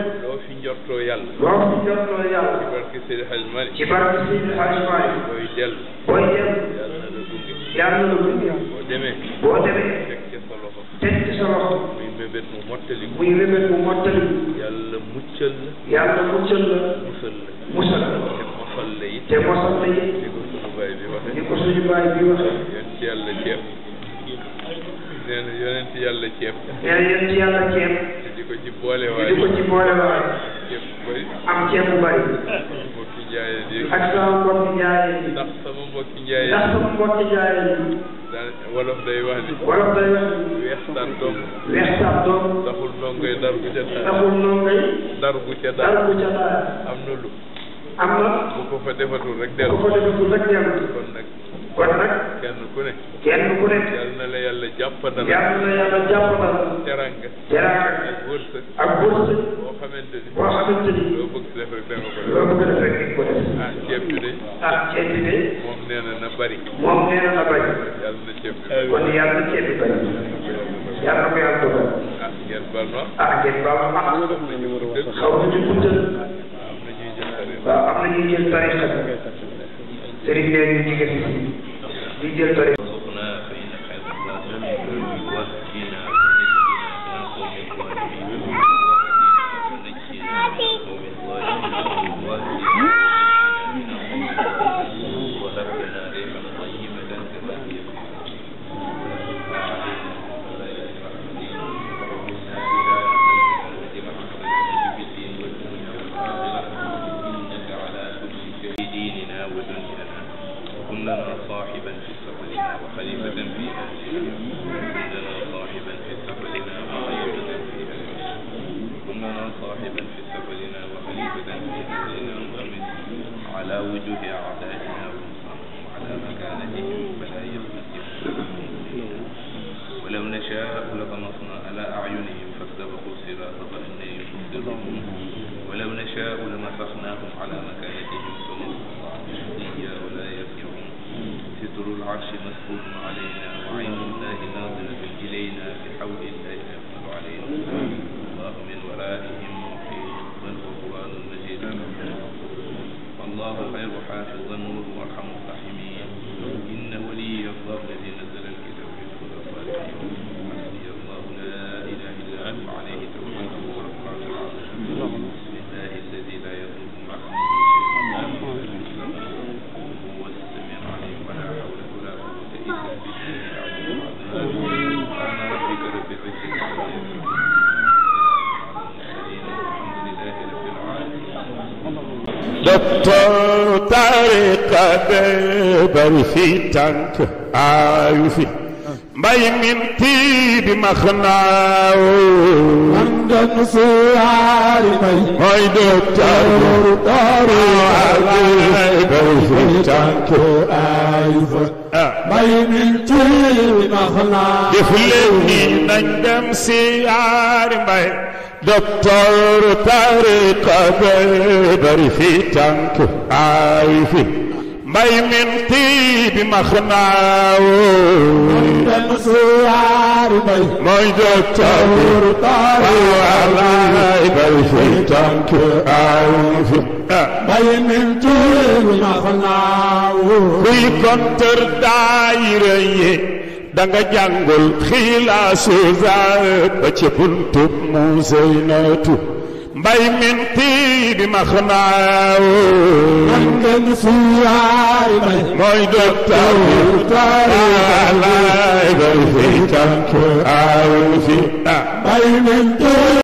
njortoo yàlla. boo ko njortoo yàlla. ci barke Seydi Hadji Malick. ci barke Seydi Hadji Malick. booy dellu. booy dellu. yàlla la gunge. yàlla la gunge. boo demee. boo demee. teg ci sa loxo. teg ci sa loxo. muy mébét mu mottali. muy mébét mu mottali. yàlla muccal la. yàlla muccal la. musal la. musal la. te mosal la it. te mosal la it. ni ko suñu baay bi waxee. ni ko suñu baay bi waxee. yéen ci yàlla ceeb. nee na yonent yàlla ceeb. nee na yonent yàlla ceeb. ñu di ko ci boole waay ñu di ko ci boole waay. ceeb bu bëri. am ceeb bu bëri. mbokki njaayeen yi. ak sama mbokki njaayeen yi. ndax sama mbokki njaayeen yi. ndax sama mbokki njaayeen yi. daan wolof day wax ni. wolof day wax ni. weex sar doom. weex sar doom. taxul ndongoy dar gu ca daar. taxul ndongoy. dar gu ca daar. dar gu ca daar. am na lu. am na. bu ko fa defatul rek dellu. bu ko fa defatul rek dellu. kon nag. kon nag. kenn ku ne. kenn ku ne. yal na la yàlla jàppandal. yal na la yàlla jàppandal. teraanga. teraanga ak wërsëg. ak wërsëg. boo xamante ni. boo xamante ni. loo bëgg def rek danga ko def. loo bëgg def rek ko def. ah ceeb bi de. ah ceeb bi de. moom nee na na bari. moom nee na na bari. yal na ceeb bi bari. kon yal na ceeb bi bari. yal na ko yàlla dogal. ah ngeen bal ma. ah ngeen bal ma. ah xaw ma ñu guddal. waaw ah, am na ñuy jël tarixa. waaw am na ñuy jël tarixa. sëriñ bi ñu ngi بابر في تانك عايفي مباي من تيب مخناو عندن سعار مي ميد تار تار بابر في تانك عايفي مباي من تيب مخناو دفلني نندم سعار مي دكتور طارق بابر في تانك عايفي بي من طيب مخناوي الشمس عاربي موج التور طاري على في تنك عارفي بي من طيب مخناوي بيكون تردايري danga jàngul xilaasu zaat ba ci buntu mu zeynatu mbay min tiibi max naaw man ngeen si yaay mbay mooy docteur laay bay fi tànk aaw fi mbay ah. min tiibi